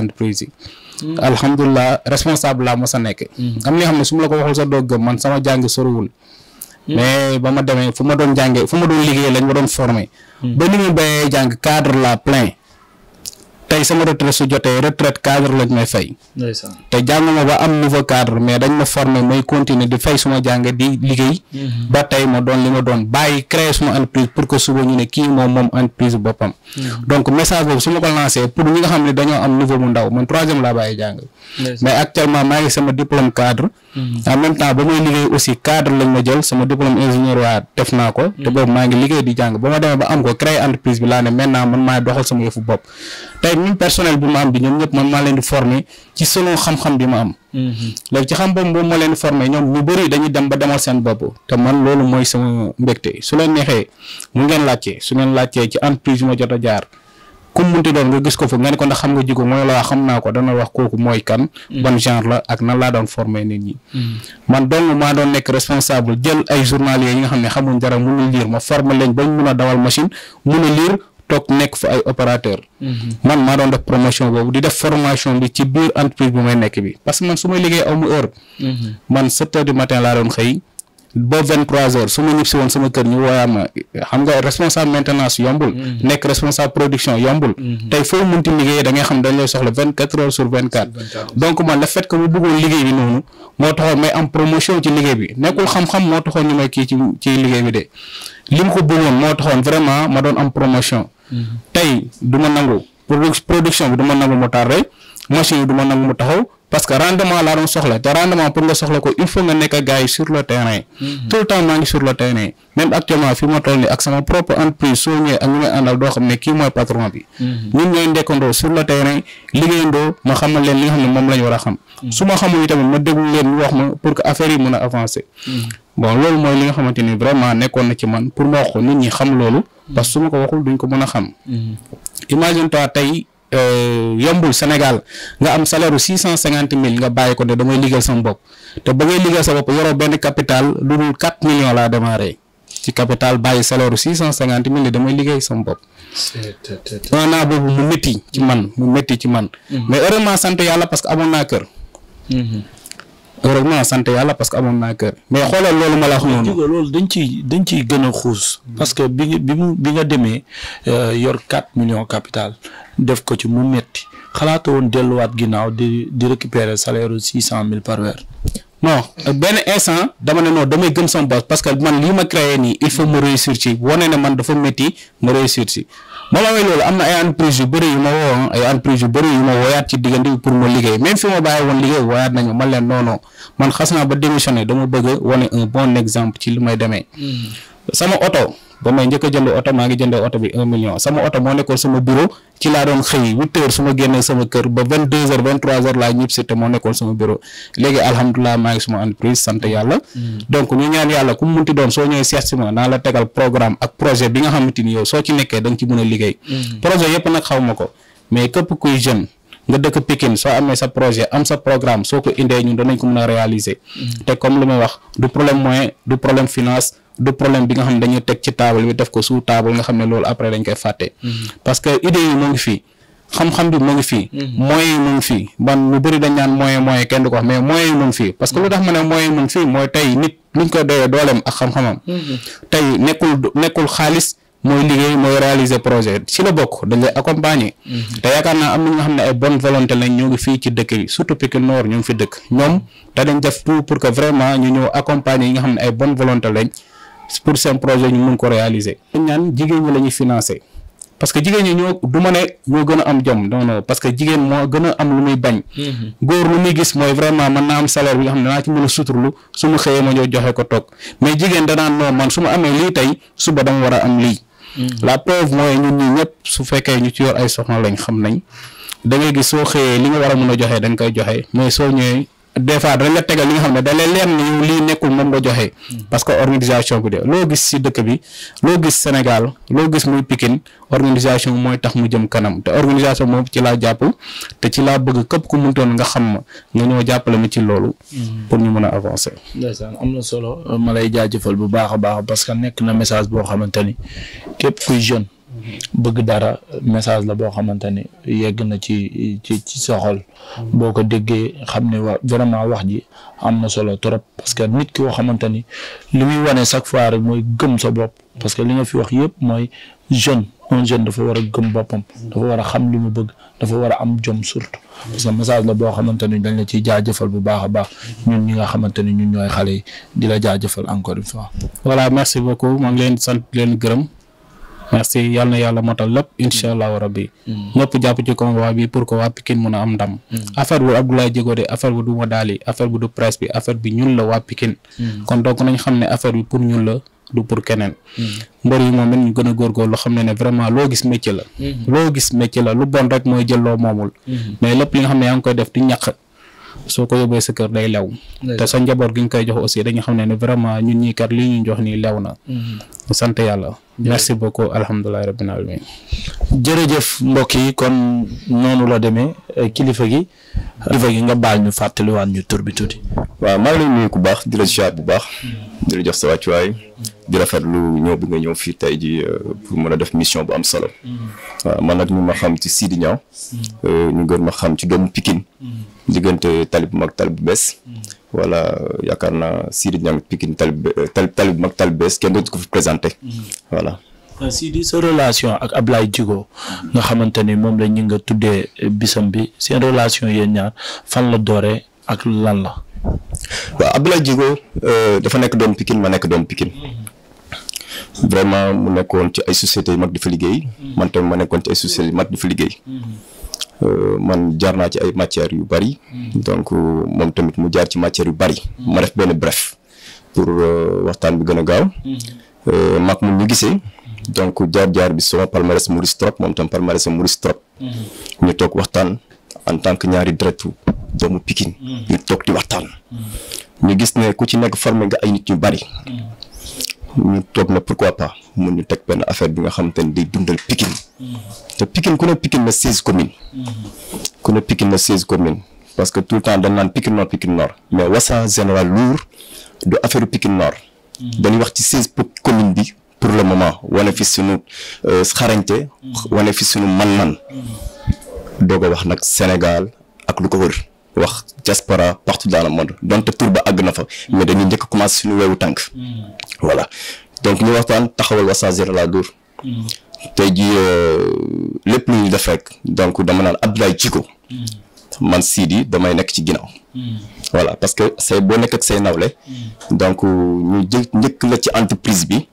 alhamdulilah responsable laa ma sa nekk am li xam ne su ma la ko waxul sa doo man sama jàng sorowul mais ba ma demee fu ma doon jàngee fu ma doon liggéey lañ ma doon formé ba ni mu bayee jàng cadre la tey sama retraite su jotee retraite cadre lañ may fay. te jànguma ba am nouveau cadre mais dañ ma former may continuer di fay suma jàng di liggéey. Mm-hmm. ba tey ma doon li ma doon bàyyi créer suma entreprise pour que suba ñu ne kii moom moom entreprise boppam. Mm-hmm. donc message boobu su ma ko nga xam ne dañoo am niveau mu ndaw man troisième laa bàyyi jàng. mais actuellement maa ngi sama diplôme cadre. Mm-hmm. en même ba may liggéey naa maa ngi liggéey di jàng ba ma demee ba am ko créer entreprise bi laa ne maintenant man maay doxal sama yëfu bopp tey tey même personnel bu ma am bi ñoom ñëpp man maa leen di former ci selon xam-xam bi ma am. Mhm. léegi ci xam boobu moom moo leen mu ngeen laajtee su ngeen laajtee ci entreprise ma jot a jaar. comme munti doon nga gis ko fa nga ne ko ndax xam nga jikko mooy la xam naa ko dana wax kooku mooy kan. Mhm. ban genre la ak nan laa doon former nit ñi. Mhm. man dong maa doon nekk responsable jël ay journaliers yi nga xam ne xamuñ dara mënul lire ma former leen bañ mun a dawal machine mun a toog nekk fa ay opérateur mhm. man maa doon def promotion boobu di def formation bi ci biir entreprise bu may nekk bi parce que man su may liggéey aw mu heure mhm. man sept heures du matin laa doon xëy ba vingt trois heures su sama kër ñu wooyaa ma xam nga responsable maintenance yombul mhm. nekk responsable production yombul tey foo munti liggéeyee da ngay xam dañ lay soxla vingt quatre heures sur vingt quatre donc man le fait que mu bëggoon liggéey bi noonu moo taxoon may am promotion ci liggéey bi nekkul xam-xam moo taxoon ñu may kii ci liggéey bi de li mu ko bëggoon moo taxoon vraiment ma doon am promotion tey du ma nangu production bi du ma nangu mu tardé machine yi du nangu mu taxaw parce que rendement laa doon soxla te rendement pour nga soxla ko il faut nga nekk gars yi sur le terrain. Mhm. tout le temps maa ngi actuellement fi ma toll nii ak sama propre entreprise soo ñëwee ak ñu may àndal doo xam ne kii mooy patron bi. Mhm. ñun ñooy ndekkandoo sur le terrain liggéeyandoo ma xamal leen li nga xam ne moom la war a xam. Mhm. su ma xamul itamit ma déglu leen a bon loolu mooy li nga xamante ni vraiment nekkoon na ci man pour ma wax ko nit ñi xam loolu mm-hmm. parce que su ma ko waxul duñ ko mën a xam mm-hmm. imagine toi tey euh, yombul Sénégal nga am salaire u six cent cinquante mille nga bàyyi ko de damay liggéeyal sama bopp te ba ngay liggéeyal sa bopp yoroo benn capital lu dul quatre millions laa démarré ci capital bàyyi salaire u six cent cinquante mille ne damay liggéey sama bopp un naa boobu mu métti ci man mu métti ci man mm-hmm. mais heureusement naa kër heureusement sant yàlla parce que amoon naa kër mais xoolal loolu ma la wax noonu. loolu dañ ciy dañ ciy gën a xuus. parce que bi nga bi mu bi nga demee euh, yor 4 millions capital def ko ci mu metti xalaata woon delluwaat ginnaaw di di récupérer salaire cent mille par weer. non benn instant dama ne non damay gën sama bopp parce que man lii ma créé nii il faut ma réussir ci wane ne man dafa métti ma réussir si ma la way loolu am na ay entreprise yu bëri yu ma woo ay entreprise yu bëri yu ma wooyaat ci diggante bi pour ma liggéey même fi ma bàyyi woon liggéey wooyaat nañu man leen non non man xas naa ba démissionné dama bëgg wane un bon exemple ci li may demee hmm. sama oto ba may njëkk a jënd oto maa ngi jëndee oto bi un million sama oto moo nekkoon sama bureau ci laa doon xëy huit heures génnee sama kër ba vingt deux heures vingt trois heures laa ñib si te moo nekkoon sama bureau léegi alhamdulilah maa ngi suma entreprise sant mm. yàlla. Mm. donc ñu ñaan yàlla ku mu munti doon soo ñëwee si ma naa la tegal programme ak projet bi nga xamante ni yow soo ci nekkee da ci mën a liggéey. Mm. projet yëpp nag xaw ma ko mais du problème bi nga xam ne dañuy teg ci table bi def ko sous table nga xam ne loolu après dañ koy fàtte. Mhm. parce que idée yi moo ngi fii xam-xam bi mu ngi fii. Mhm. moyens yi ban lu bëri naan moyen moyen kenn du ko wax mais moyens yi mu ngi que lu tax ma ne moyens yi mu ngi fii mooy tey nit luñ ko doyee dooleem ak xam-xamam. Mhm. tey nekkul xaalis mooy liggéey mooy réaliser projet ci la bokk dañ lay accompagner. te yaakaar naa am na nga xam ne ay bonne volonté lañ ñoo ngi fii ci dëkk yi surtout Pikine Nord ñu ngi fi dëkk ñoom te dañ def tout pour que vraiment ñu yi nga xam ne ay bonne volonté lañ pour seen projet ñu mun ko réaliser. ñaan jigéen ñi la ñuy financer parce que jigéen ñi ñoo du ma ne ñoo gën a am jom non parce que jigéen moo gën a am lu muy bañ. Mm-hmm. góor lu muy gis mooy vraiment man naa am salaire bi nga xam ne naa ci mën a suturlu su ma xëyee ma ñëw joxe ko toog mais jigéen danaan non man su ma amee lii tey suba dama war a am lii. Mm-hmm. la preuve mooy ñun ñii ñëpp su fekkee ñu ci yor ay soxna lañ xam nañ da ngay gis soo xëyee li nga war a mën a joxe da koy joxe mais soo ñëwee des fois dañ la tegal li nga xam ne dal lay leer ni lii nekkul moom nga joxe. Hmm. parce que organisation bi de loo gis si dëkk bi loo gis Sénégal loo gis muy pikin organisation mooy tax mu jëm kanam te organisation moom ci laa jàpp te ci laa bëgg képp ku muntoon nga xam ma nga ñoo jàppale ma ci loolu. Hmm. pour ñu mën a avancer. ndeysaan am na solo ma lay jaajëfal bu baax a baax parce que nekk na message boo xamante ni képp kuy jeune. bëgg dara message la boo xamante ni yegg na ci ci ci sa xol. boo ko déggee xam ne wa vraiment wax ji am na solo trop parce que nit ki yoo xamante ni li muy wane chaque fois rek mooy gëm sa bopp parce que li nga fi wax yëpp mooy jeune un jeune dafa war gëm boppam. war a xam li mu bëgg dafa war a am jom surtout. parce que message la boo xamante ni dañ la ciy jaajëfal bu baax a baax ñun ñi nga xamante ni ñun ñooy xale yi di la jaajëfal encore une fois. voilà merci beaucoup maa leen sant leen gërëm. merci yal na yàlla motal lépp incha allahu rabbi mm. ñëpp jàpp ci convoi bi pour que waa Pikine mun a am ndam mm. affaire bu Abdoulaye Diego de affaire bu du Wadaali affaire bu du presse bi affaire bi ñun la waa Pikine mm. kon donc nañ xam ne affaire bi pour ñun la du pour keneen mbër yi moom it ñu gën a góorgóorlu xam ne ne vraiment loo gis métier la loo gis métier la lu bon rek mooy jël loo moomul mais lépp li nga xam ne yaa ngi koy def di ñàq soo ko yóbbee sa kër day lew te sa njaboot gi nga koy jox aussi dañu xam ne ne vraiment ñun ñii kat li ñu jox nii lew na mm-hmm. sant yàlla merci beaucoup alhamdulilahi rabbil alamin jërëjëf mbokk yi kon noonu la demee eh, kilifa gi kilifa gi nga baal ñu fàttaliwaat ñu tur bi tuuti waaw maa ngi lay ku baax di la ziar bu baax di la jox sa wàccuwaay di lu ñëw bi nga ñëw fii tey ji euh, pour mën a def mission bu am solo. Mm-hmm. waaw man nag ñu ma xam ci Sidi Niang. Mm-hmm. Euh, ñu gën ma xam ci doomu Pikine. Mm-hmm. diggante tali bu mag tali bees. voilà yaakaar naa Sidi Niang Pikine tali euh, tali mag tali bees kenn dootu ko fi présenté. voilà. Sidi sa relation ak Ablaye Djigo nga xamante ni moom la ñu nga tuddee bisam bi seen relation yéen ñaar fan la dooree ak lan la. waaw Ablaye Djigo dafa nekk doomu Pikine ma nekk doomu Pikine. vraiment mu nekkoon ci ay sociétés yu mag di fa liggéey. Mm-hmm. man tamit ma nekkoon ci ay sociétés yu mag di fa liggéey. Mm-hmm. Euh, man jaar naa ci ay matières yu bari. Mm-hmm. donc euh, moom tamit mu jaar ci matière yu bari. ma def benn bref pour euh, waxtaan bi gën a gaaw. mag mu ñu gisee. donc jaar-jaar bi sama palmarès mu riis trop moom tam palmarès mu riis trop. ñu toog waxtaan en tant que ñaari deretu doomu Pikine. ñu toog di waxtaan. ñu gis ne ku ci nekk formé nga ay nit ñu bari. ñu toog na pourquoi pas mun ñu teg benn affaire bi nga xamante ni di dundal Pikine te Pikine ku ne Pikine na seize communes ku ne Pikine na seize communes parce que tout le temps dañ naan Pikine Nord Pikine Nord mais Wassare Général Lourd du affaire Pikine Nord dañuy wax ci seize commune bi pour le moment wane fi suñu euh, xarañte mm-hmm. wane fi suñu man-man mm-hmm. doog a wax nag Sénégal ak lu ko wër wax diaspora partout dans le monde donte tur ba àgg na fa mais dañuy njëkk a commencé suñu weewu tànk voilà donc ñu waxtaan taxawal Wassare la Lour tey jii euh, lépp lu ñu def rek donc dama naan Abdoulaye Djiko man Sidi damay nekk ci ginnaaw voilà parce que say boo nekk ak say nawle donc euh, ñu jë njëkk la ci entreprise bi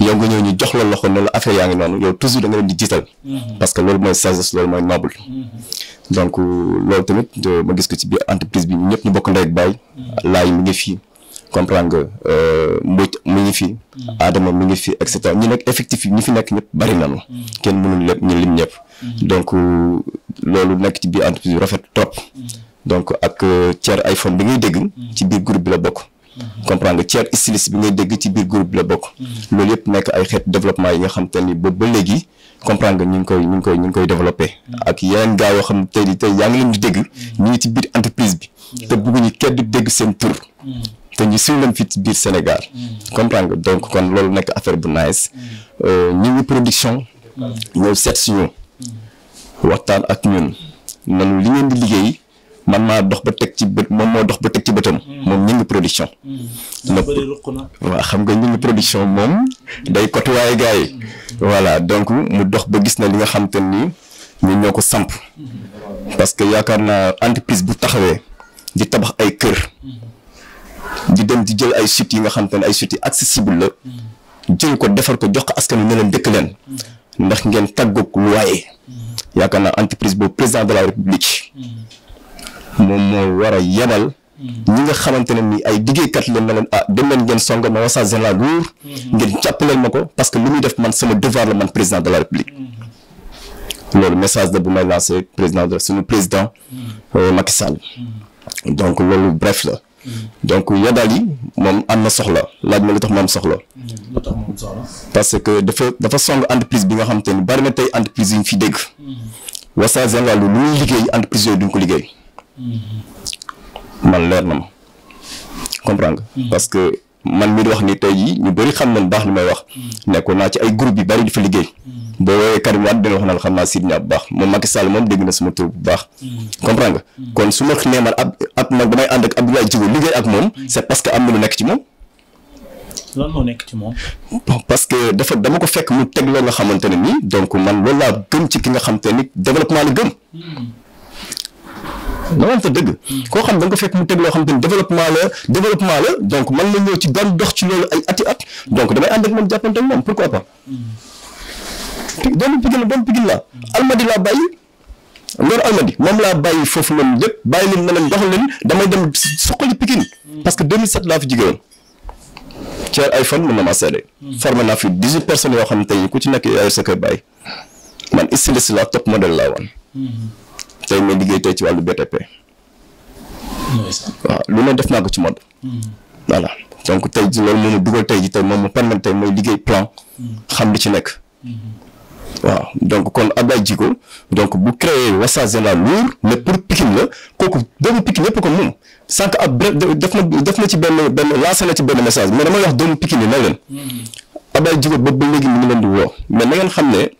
yow nga ñëw ñu jox la loxo ne la affaire yaa ngi noonu yow toujours da nga leen di jiital parce que loolu mooy sagesse loolu mooy noble donc euh, loolu tamit euh, ma gis ko ci biir entreprise bi ñëpp ñu bokk ndey ak baay. Mm. laay mi ngi fi comprendre nga euh, Mbodj mu ngi fi. aadama mm. mu ngi fi et cetera ñi nekk effectif yi ñi fi nekk ñëpp bari nañu. Mm. kenn mënul lépp ñu lim ñëpp. donc loolu nekk ci biir entreprise bi rafet trop. donc ak Thier iPhone bi ngay dégg. ci biir groupe bi la bokk. comprendre nga Thier Stylis bi ngay dégg ci biir groupe bi la bokk. loolu yëpp nekk ay xeet développement yi nga xam te ni ba ba léegi. comprendre nga ñu ngi koy ñu ngi koy ñu ngi koy développé. Mm. ak yeneen gars yoo xam ne tey tey yaa ngi leen di dégg. Mm. ñu ngi ci biir entreprise bi. te bëgguñu kenn di dégg seen tur. Mm. te ñu siiw leen fii ci biir Sénégal. comprendre nga donc kon loolu nekk affaire bu nice. Euh, ñu ngi production. ñëw seet si ñu. waxtaan ak ñun. nanu li ngeen di liggéey. man maa dox ba teg ci bët moom moo dox ba teg ci bëtam. Hmm. moom ñu ngi production. Hmm. na waaw xam nga ñu ngi production moom day côtoyer gars yi. Hmm. voilà donc mu dox ba gis na li nga xam te ni ñun ñoo ko samp. parce que yaakaar naa entreprise bu taxawee di tabax ay kër. di dem di jël ay sites yi nga xam te ne ay sites yi accessible la. jël ko defar ko jox ko askan wi ne dëkk leen. ndax ngeen tàggoog lu waaye. yaakaar naa entreprise boobu président de la république. moom moo war a yebal mm-hmm. ñi nga xamante ne ni ay liggéeykat la na leen ah dem leen ngeen song ma wasaa gen la nguur ngeen leen ma ko parce que lu muy def man sama devoir la man président de la république mm-hmm. loolu message da bu may lancé président de suñu président mm-hmm. euh, Macky Sall donc loolu bref la donc yadaal yi moom am na soxla laaj ma lu tax moom soxla parce que dafa dafa song entreprise bi nga xamante ni bari na tey entreprise yi ñu fi dégg wasaa gen la lu muy liggéey ko liggéey man leer na ma comprendre nga hmm. parce que man mi di wax ni tey jii ñu bëri xam man baax li may wax hmm. nekkoon naa ci ay groupe yu bari di fa liggéey hmm. boo woowee Karim Wade dina wax naan xam naa Sidi Niang bu baax moom Macky saal moom dégg na sama tur bu baax comprendre nga kon su ma nee man ab ab man damay ànd ak Abdoulaye Djigo liggéey ak moom c'est parce que am na lu nekk ci moom lan moo nekk ci moom. parce que dafa dama ko fekk mu teg loo nga xamante ne nii donc man loolu laa gëm ci ki nga xamante ni développement la gëm. na nga fa dëgg. koo xam da nga fekk mu teg loo xam te ni développement la développement la donc man na ñëw ci daan dox ci loolu ay ati at donc damay ànd ak moom jàppante ak moom pourquoi pas. doomu Pikine la doomu Pikine la Almadi laa bàyyi. Ngor Almadi moom laa bàyyi foofu noonu lépp bàyyi leen ne leen doxal leen damay dem suqali Pikine. parce que 2007 laa fi jigéen. ci ay fan mën na maa seede. formé naa fi 18 personnes yoo xam ne tey ku ci nekk yaay sa kër bàyyi. man istilisi laa top modèle laa woon. tey may liggéey tey ci wàllu BTP. waaw lu ne def naa ko ci mode. Mm-hmm. voilà donc tey ji loolu moom ma dugal tey ji tey moom ma permettre tey may liggéey plan. Mm-hmm. xam li ci nekk. Mm-hmm. waaw donc kon Ablaye Djiko donc bu créé Wassare naa Lourd mais pour Pikine la kooku doomu Pikine yëpp ko moom sànq ab def na def na ci benn benn lancé na ci benn message mais damay wax doomu Pikine yi na leen Ablaye Djiko ba ba léegi mu ngi leen di woo mais na ngeen xam ne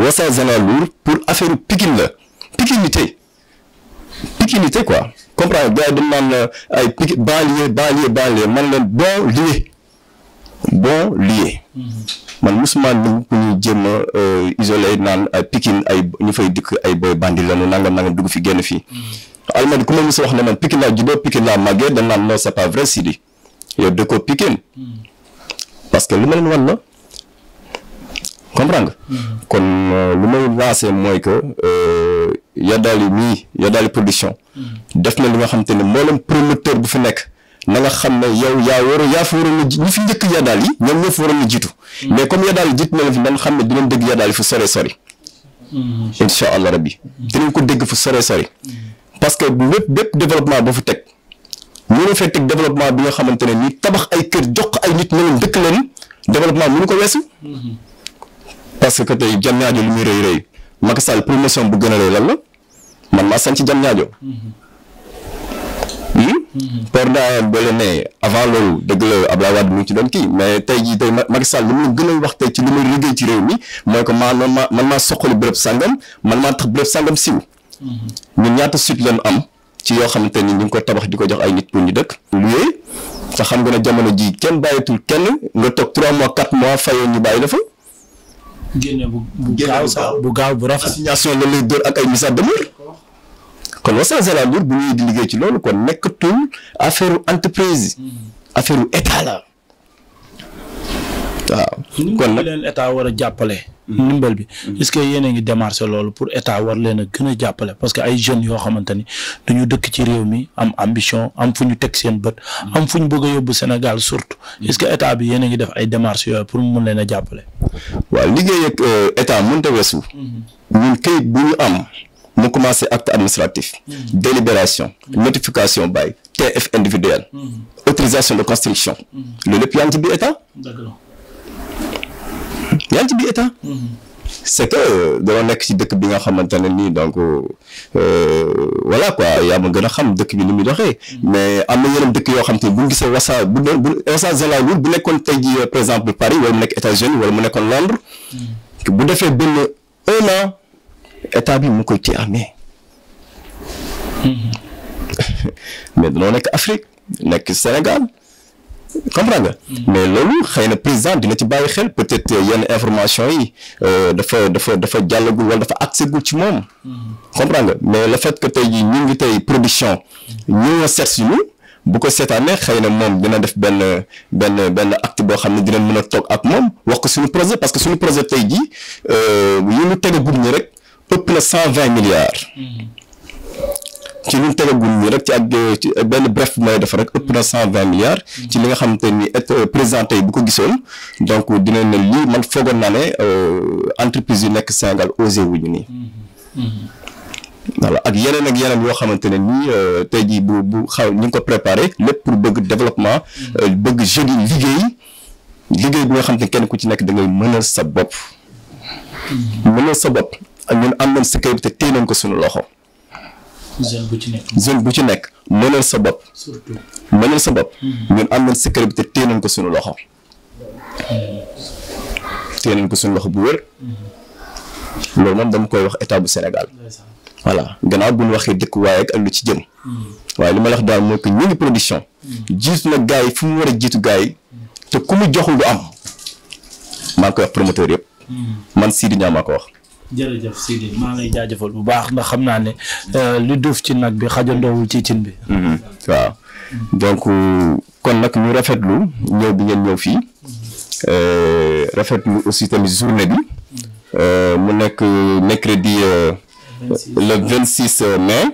Wassare Général Lourd pour affaire Pikine la pikinité pikinité quoi comprendre gars yi dañu euh, ay piki banlieue banlieue banlieue man leen bon lieu bon lieu mhm. man musuma dugg ku ñu jéem a euh, isolé naan ay pikin ay ñu fay dikk ay boy bandi lanu nangam nangam dugg fi génn fii mhm. almadi ku ma mos a wax ne man pikin laa juddoo pikin laa màggee dañ naan non c'est pas vrai Sidi yow dëkkoo pikin mhm. parce que lu ma leen wan la nga kon euh, lu may lancé mooy que Yadaly mii Yadaly production. Mm-hmm. def na lu nga xam te ne mboolem promoteur bu fi nekk na nga xam ne yow yaa war yaa fa waroon a ji ñi fi njëkk Yadaly ñoom ñoo fa waroon a jiitu. Mm-hmm. mais comme Yadaly jiitu na la xam ne dinañ dégg Yadaly fu sore sori. Mm-hmm. incha allah rabbi ko dégg fu sore sori. parce que bépp développement boo fa teg. mënu fee teg développement bi nga xamante ne ni tabax ay kër jox ay nit ne leen dëkk leen développement mënu ko weesu. parce que tey jàmm naa li muy rëy rëy Macky Sall promotion bu gën a rëy la. man maa sanc jam ñaajo port daal boo leen ne avant loolu dëgg ab Abdoulaye Wade mu ci doon kii mais tey jii tey Macky Sall li mu gën a wax tey ci li muy liggéey ci réew mi mooy ko maa man maa man maa soqali béréb sàngam man maa tax béréb sàngam siw mm-hmm. ñun ñaata suite lañ am ci yoo xamante ni ñu ngi ko tabax di ko jox ay nit ñu dëkk luyee te xam nga ne jamono ji kenn bàyyitul kenn nga toog 3 mois 4 mois fayoo ñu bàyyi dafa génne bu bu gaaw bu gaaw bu rafet. assignation la lay dóor ak ay mise à kon Wassare Salambour bu ñuy di liggéey ci loolu kon nekkatul affaire entreprise mm. affaire état la waaw. kon la leen état war a jàppale. Mm. ndimbal bi mm. est que yéen a ngi démarché loolu pour état war leen a gën a jàppale parce que ay jeunes yoo xamante ni dañu dëkk ci réew mi am ambition am fu ñu teg seen bët. am fu ñu bëgg a yóbbu Sénégal surtout est-ce que état bi yéen ngi def ay démarches yooyu pour mu mën leen a jàppale. waaw liggéey ak euh, état mënut a mm-hmm. kayit am. mu commencé acte administratif mm-hmm. délibération mm-hmm. notification bail TF individuel mm-hmm. autorisation de construction loolu lépp yaa ngi ci biir état yaa ngi ci biir état que euh, dañoo nekk ci dëkk bi nga xamante ne nii donc euh, voilà quoi yaa ma gën a xam dëkk bi ni muy doxee mais am na yeneen dëkk yoo xam te ne bu ñu gisee wasa bu doon bu wasa bu nekkoon tey jii euh, par exemple Paris wala mu nekk États-Unis wala mu nekkoon Londres bu defee benn un état bi mu koy téye amee. mais danoo nekk Afrique nekk Sénégal comprends nga. mais loolu xëy na président dina ci bàyyi xel peut-être yenn information yi euh, dafa dafa dafa jàllagul wala dafa àggsegul ci moom. comprends nga mais le fait que tey jii ñu ngi tey production ñu nga seet si ñu bu ko seetaanee xëy na moom dina def benn benn benn acte boo xam ne dina mën a toog ak moom wax ko suñu projet parce que suñu projet tey jii euh, yu ñu tegagum ñi rek. ëpp na cent vingt milliards. ci lu ñu tegagul nii rek ci ak benn bref may def rek ëpp na cent vingt milliards. ci li nga xamante nii ni euh, présenté yi bu ko gisoon donc dina ne lii man foogoon naa ne euh, entreprise yu nekk Sénégal osé wuñu nii. voilà ak yeneen ak yeneen yoo xamante ne nii euh, tey jii bu bu xaw ñu ngi ko préparé lépp pour bëgg développement. bëgg jeunes yi liggéey liggéey bi nga xam te kenn ku ci nekk da ngay mënal sa bopp. mënal sa bopp. ak ñun am nañ sécurité téye nañ ko suñu loxo. zone bu ci nekk zone bu ci nekk mënal sa bopp. surtout mënal sa bopp. Mm-hmm. ñun am na sécurité téye nañ ko suñu loxo. Mm-hmm. téye nañ ko suñu loxo bu wér. Mm-hmm. loolu moom dama koy wax état bu Sénégal. voilà gannaaw bu ñu waxee dëkkuwaay ak lu ci jëm. waaye li ma la wax daal mooy que ñu ngi production. jiitu na gars yi fu mu war a jiitu gars yi. te ku mu joxul du am. maa ngi koy wax promoteur yëpp. man Sidi Niang maa ko wax. jërëjëf Sidi maa ngi jaajëfal bu baax ndax xam naa ne euh, li duuf ci nag bi xajandoowul ci cin bi. Mm-hmm. waaw donc kon nag ñu rafetlu ñëw bi ngeen ñëw fii euh, rafetlu aussi tamit journée bi euh, mu nekk mercredi le vingt six mai.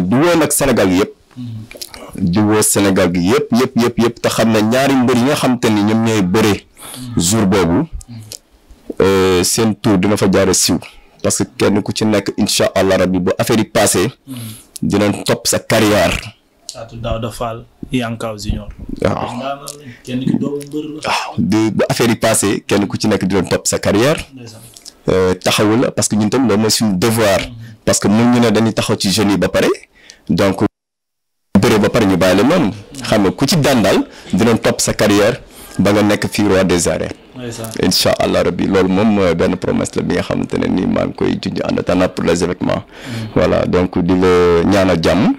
du woon ak Sénégal yëpp. Mm-hmm. di woo Sénégal gi yëpp yëpp yëpp yëpp te xam na ñaari mbër yi nga xam ni ñoom ñooy bëre mm-hmm. jour boobu Euh, seen tour dina fa jaare siw parce que kenn ku ci nekk incha allah rabbi bu affaire yi passé mhm. dinañ topp sa carrière. Atou Daouda Fall Yankaw Junior. waaw ah. kenn bu affaire yi kenn ku ci nekk ah, dinañ topp sa carrière. Euh, taxawu la parce que ñun tam loolu mooy suñu devoir. Mhm. parce que mun ñu ne dañuy taxaw ci jeunes yi ba pare donc bëre ba pare ñu bàyyi la noonu. Mhm. xam nga ku ci daan daal dinañ topp sa carrière ba nga nekk fii roi des arènes. incha allah rabbi loolu moom benn promesse la bi nga xamante ne nii maa ngi koy junj en attendant pour les événements. Mm. voilà donc di la a jàmm.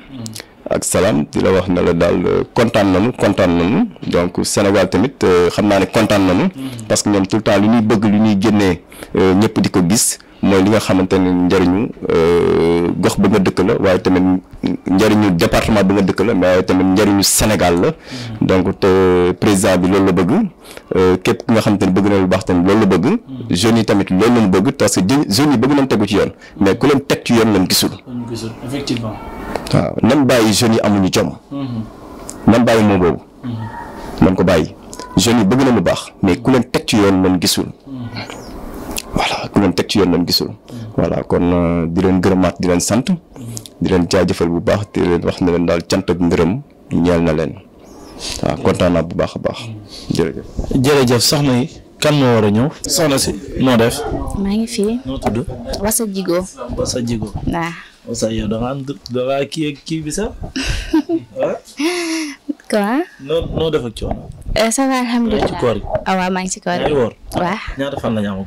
ak salaam di la wax na la daal euh, kontaan nañu kontaan nañu donc Sénégal tamit euh, xam naa ne kontaan nañu. Mm-hmm. parce que ñoom tout le temps lu ñuy bëgg lu ñuy génnee euh, ñëpp di ko gis mooy li nga xamante ne njëriñu gox ba nga dëkk la waaye tamit njariñu département ba nga dëkk la mais tamit njëriñu Sénégal la. Mm-hmm. donc te président bi loolu la bëgg. képp ki nga xamante ne bëgg na lu baax tamit loolu la bëgg. Mm-hmm. jeunes yi tamit loolu lañu bëgg parce que jeunes yi bëgg nañ tegu ci yoon. mais ku leen teg ci yoon lañ gisul. gisul waaw nan bàyyi jeunes yi amuñu jom. Mm-hmm. nan bàyyi moom boobu. Mm-hmm. nan ko bàyyi jeunes yi bëgg na lu baax mais ku leen teg ci yoon nan gisul. Mm-hmm. voilà ku teg ci yoon nan gisul. voilà kon euh, di leen gërëmaat di leen sant. di leen jaajëfal bu baax di leen wax ne leen daal cant ak ngërëm ñeel na leen waaw kontaan bu baax a baax jërëjëf. sax na yi kan moo war a ñëw soxna si noo def. maa ngi fi. noo tudd. Wassa Jigo. Wassa Jigo. waaw. sax yow da am da kii ak kii bi sax. quoi. noo noo def a coono. Euh, ça va ah, maa ngi ci koor yi. ñu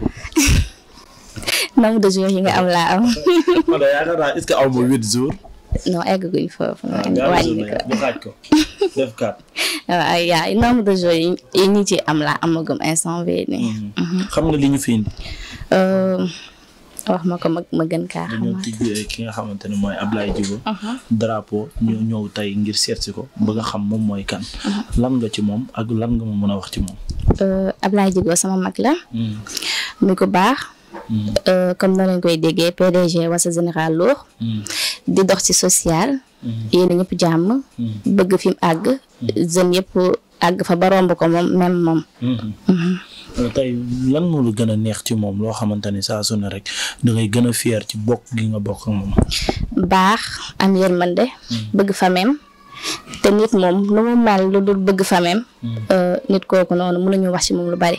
amagul. nga am laa am. kon yaakaar naa est de jours yi ñu ci am laa amagum instant bii mm-hmm. Mm-hmm. xam nga li ñu fi indi. Euh, wax ma ko ma ma gën kaa xamante dañoo ki nga xamante ne mooy Ablaye Djigo uh-huh. drapeau ñoo ñëw tey ngir seet si ko ba nga xam moom mooy kan uh-huh. lan nga ci moom ak lan nga ma mën a wax ci moom euh, Ablaye Djigo sama mag la ni hmm. ko baax hmm. euh, comme na leen koy déggee PDG Wassa Général Lour hmm. di dox ci social Mm-hmm. yéen ñëpp jàmm. Mm-hmm. bëgg fi àgg. Mm-hmm. jeunes yëpp àgg fa ba romb ko moom même moom. tey lu gën a neex ci moom loo xamante ni saa su ne rek da gën a fier ci bokk bokk ak moom. baax am yërmande. bëgg fameem te nit moom lu mu mel lu dul bëgg fameem. Euh, nit kooku noonu mënuñu wax ci moom lu bari.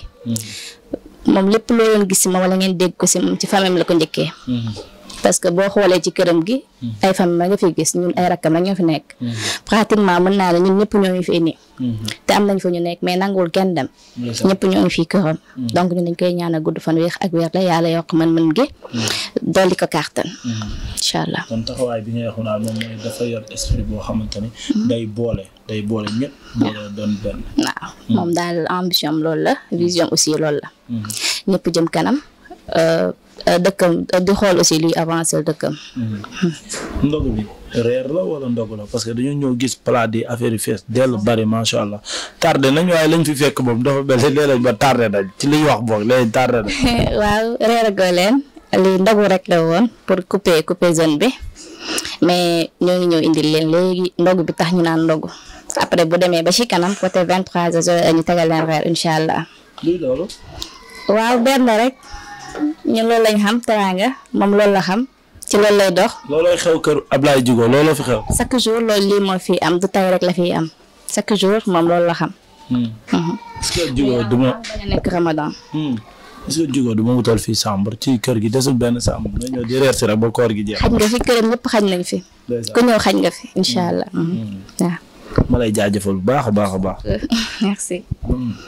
moom lépp loo leen gis ci moom la ngeen dégg ko ci moom ci fameem la ko njëkkee. parce que boo xoolee ci këram gi. Mm-hmm. ay fam ma nga fi gis ñun ay rakkam la ñoo fi nekk. Mm-hmm. pratiquement mën naa ne ñun ñëpp ñoo ngi fi indi. Mm-hmm. te am nañ fa ñu nekk mais nanguwul kenn dem. ñëpp ñoo ngi fii këram. donc ñun nañ koy ñaanal gudd fan wéex ak weer la yàlla yokk man mën gi. dolli ko kàttan. incha allah bi nga waxoon naa moom boo xamante ni. boole day boole ñëpp. boole moom daal ambition am loolu la vision aussi lool la. ñëpp jëm kanam. Euh, Euh, dëkkam euh, di xool aussi luy avancer dëkkam. Mhm. ndogu bi reer la wala ndogu la parce que dañoo ñëw gis plat yi affaire yi fees dellu bari macha allah tardé nañ waaye lañ fi fekk boobu dafa mel ba tardé nañ ci li ñu wax boog léegi tardé nañ. waaw reer goo leen li ndogu rek la woon pour couper couper zone bi mais ñoo ngi ñëw indil leen léegi ndogu bi tax ñu naan ndogu après bu demee ba ci kanam côté 23h ñu tegal leen reer incha allah. lii loolu. waaw benn rek. ñun loolu lañ xam teraanga moom loolu la xam ci loolu lay dox. looloo xew kër Ablaye Djigo looloo fi xew. chaque jour loolu lii moo fi am du tay rek la fi am chaque jour moom loolu la xam. Hmm. Mhm. est-ce que Djigo du ma nekk Ramadan. Hmm. est-ce que Djigo du ma fii chambre ci kër gi desul benn chambre nga ñëw di reer si rek ba koor gi jeex. xaj nga fi këram ñëpp xaj nañ fi. ku ñëw xaj nga fi incha hmm. allah. Mhm. ma lay jaajëfal bu baax a baax a baax. merci.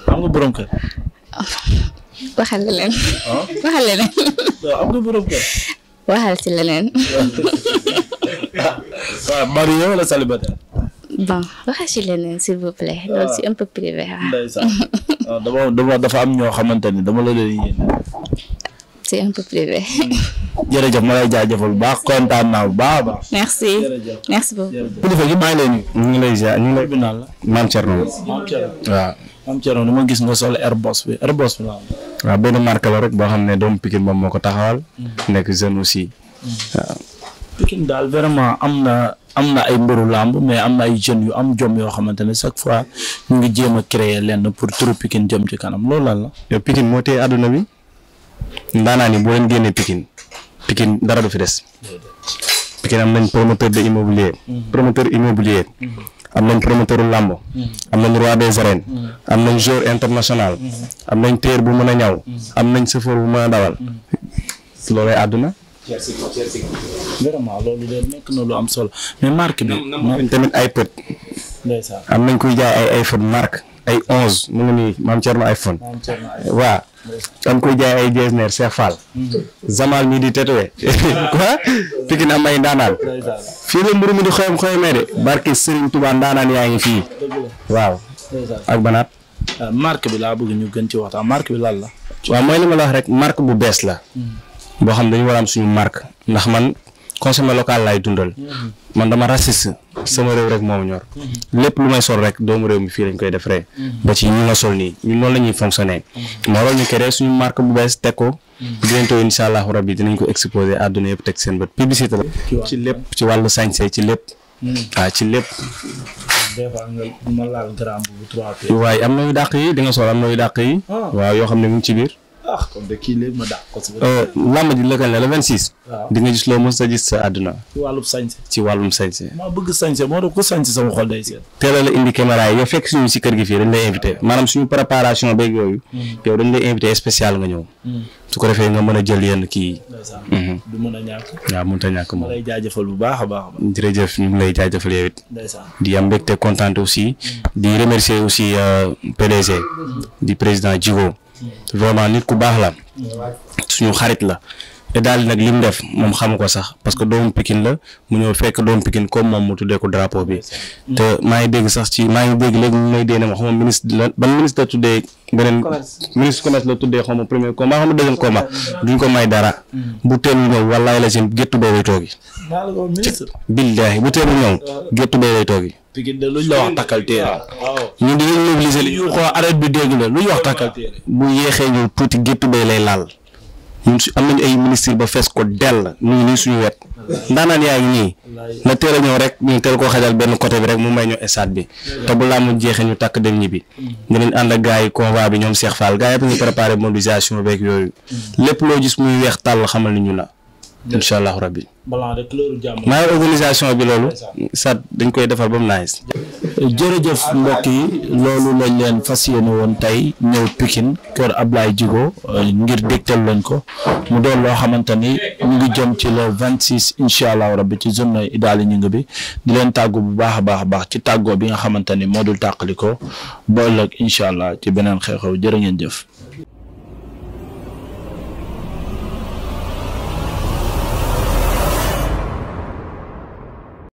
am nga borom kër. waxal leneen. Ah? waxal leneen. am nga leneen. Ah, bon waxal si leneen s'il ah. un peu privé waaw. dafa am ñoo xamante ni dama la leen yéene. un peu privé. jërëjëf ma lay jaajëfal bu baax kontaan naa bu baax a baax. merci merci beaucoup. kilifa gi maa ngi lay nuyu. ngi lay ziar ñu ngi lay. maam Thierno. maam Thierno waaw. na Thierno ni ma gis nga sol Airbus bi Airbus bi laa waaw benn marque la rek boo xam ne doomu Pikine moom moo ko taxawal. Mm-hmm. nekk jeune aussi. Mm-hmm. waaw Pikine daal vraiment am na am na ay mbëru làmb mais am na ay jeunes yu am jom yoo xamante ne chaque fois ñu ngi jéem a créer lenn pour turu Pikine jëm ci kanam loolu la la. yow Pikine moo téye àdduna bi ndaanaa ni boo leen génnee Pikine Pikine dara du fi des. Pikine am nañ promoteur de immobilier. Mm-hmm. promoteur immobilier. am nañ promoteur làmb mm-hmm. am nañ roi des arènes mm-hmm. am nañ joueur international mm-hmm. am nañ téer bu mën a ñaw am nañ chauffeur bu mën a dawal loolu de nekk na lu am solo bi. am tamit ay am nañ kuy jaay ay ay fët ay onze mu ngi nii maam Thierno iPhone waaw am koy jaay ay designer Cheikh Fall mm-hmm. Zamal mii di tétuwe a Pikine am ay ndaanaan fii la mburu mi di xoyam xoyamee de barke Serigne Touba ndaanaan yaa ngi fii waaw ak banaat euh, marque bi laa bëgg ñu gën ci waxtaan marque bi lan la waaw mooy li ma la wax rek marque bu bees la mm. boo xam dañu war a am suñu marque ndax man consommé local laay dundal mm-hmm. man dama raciste sama réew rek moom ñor mm-hmm. lépp lu may sol rek doomu réew mi fii lañ koy def rek mm-hmm. ba ci ñu la sol nii ñun noonu la ñuy fonctionné moro ñu créé suñu marque bu bees teg ko bientôt incha allahu rabbi dinañ ko exposé àdduna yëpp teg seen bët publicité la ci lépp ci wàllu sañse ci lépp ah ci lépp waaye am na yu dàq yi di nga sol am na yu dàq yi ah. waaw yoo xam ne mu ci biir ah kon de kii léegi ma dàq ko si. Euh, làmb ji lëkkal ne le 26. waaw di nga gis loo mos a gis àdduna. ci wàllum sañse. bëgg sañse moo tax ku sañse sama xol day seet. la indi caméra yow fekk suñu si kër gi fii dañ lay invité maanaam suñu préparation beeg yooyu. Hmm. yow dañ lay invité spécial nga ñëw. Hmm. su ko defee nga mën a jël yenn kii. Hmm. du mën a ñàkk. waaw mënut a ñàkk moom. ma lay jaajëfal bu baax a baax. jërëjëf ñu ngi lay jaajëfal yow it. di am mbégte kontaan aussi. di remercier aussi euh, PDG. di président Djigo vraiment nit ku baax la suñu xarit la te daal nag li mu def moom xam ko sax parce que doomu Pikine la mu ñëw fekk doomu Pikine comme moom mu tuddee ko drapeau bi te maa ngi dégg sax ci maa ngi dégg léegi ñu may déene ma xam ministre la ban ministre la tuddee beneen ministre commerce la tuddee xam premier combat xam deuxième combat duñ ko may dara mm. bu teel ñëw wallaay la seen géttu bee lay toogi billaahi bu teel ñëw géttu bee lay toogi Pikine de luñ la wax takkal téere ñun dinañ mobiliser li ñu xoo bi dégg la lu ñu wax takkal bu yéexee ñëw tuuti géttu bee lay laal ñun su am nañu ay ministre ba fees ko dell ñu nii suñu wet ndaanaan yaa ngi ñii na teel a rek ñu teel koo xajal benn côté bi rek mu may ñëw stade bi te bu laa mu jeexee ñu takk dem ñibbi dinañ ànd ak gars yi convoi bi ñoom seex Fall gars yi ñu préparé mobilisation beeg yooyu lépp loo gis muy weex tàll xamal ni ñu na incha allahu rabbi. balaa rek loolu jàmm. maa organisation bi loolu. sat dañ koy defar ba mu nice. jërëjëf mbokk yi loolu lañ leen fas yéene woon tey ñëw Pikine kër Ablaye Djigo euh, ngir dégtal leen ko mu doon loo xamante ni ñu ngi jëm ci le vingt six incha allahu rabbi ci zone idaali ñu ngi bi di leen tàggu bu baax a baax a baax ci tàggoo bi nga xamante ni moo dul tàqali ko ba ëllëg incha allah ci beneen xew-xew jërë ngeen jëf.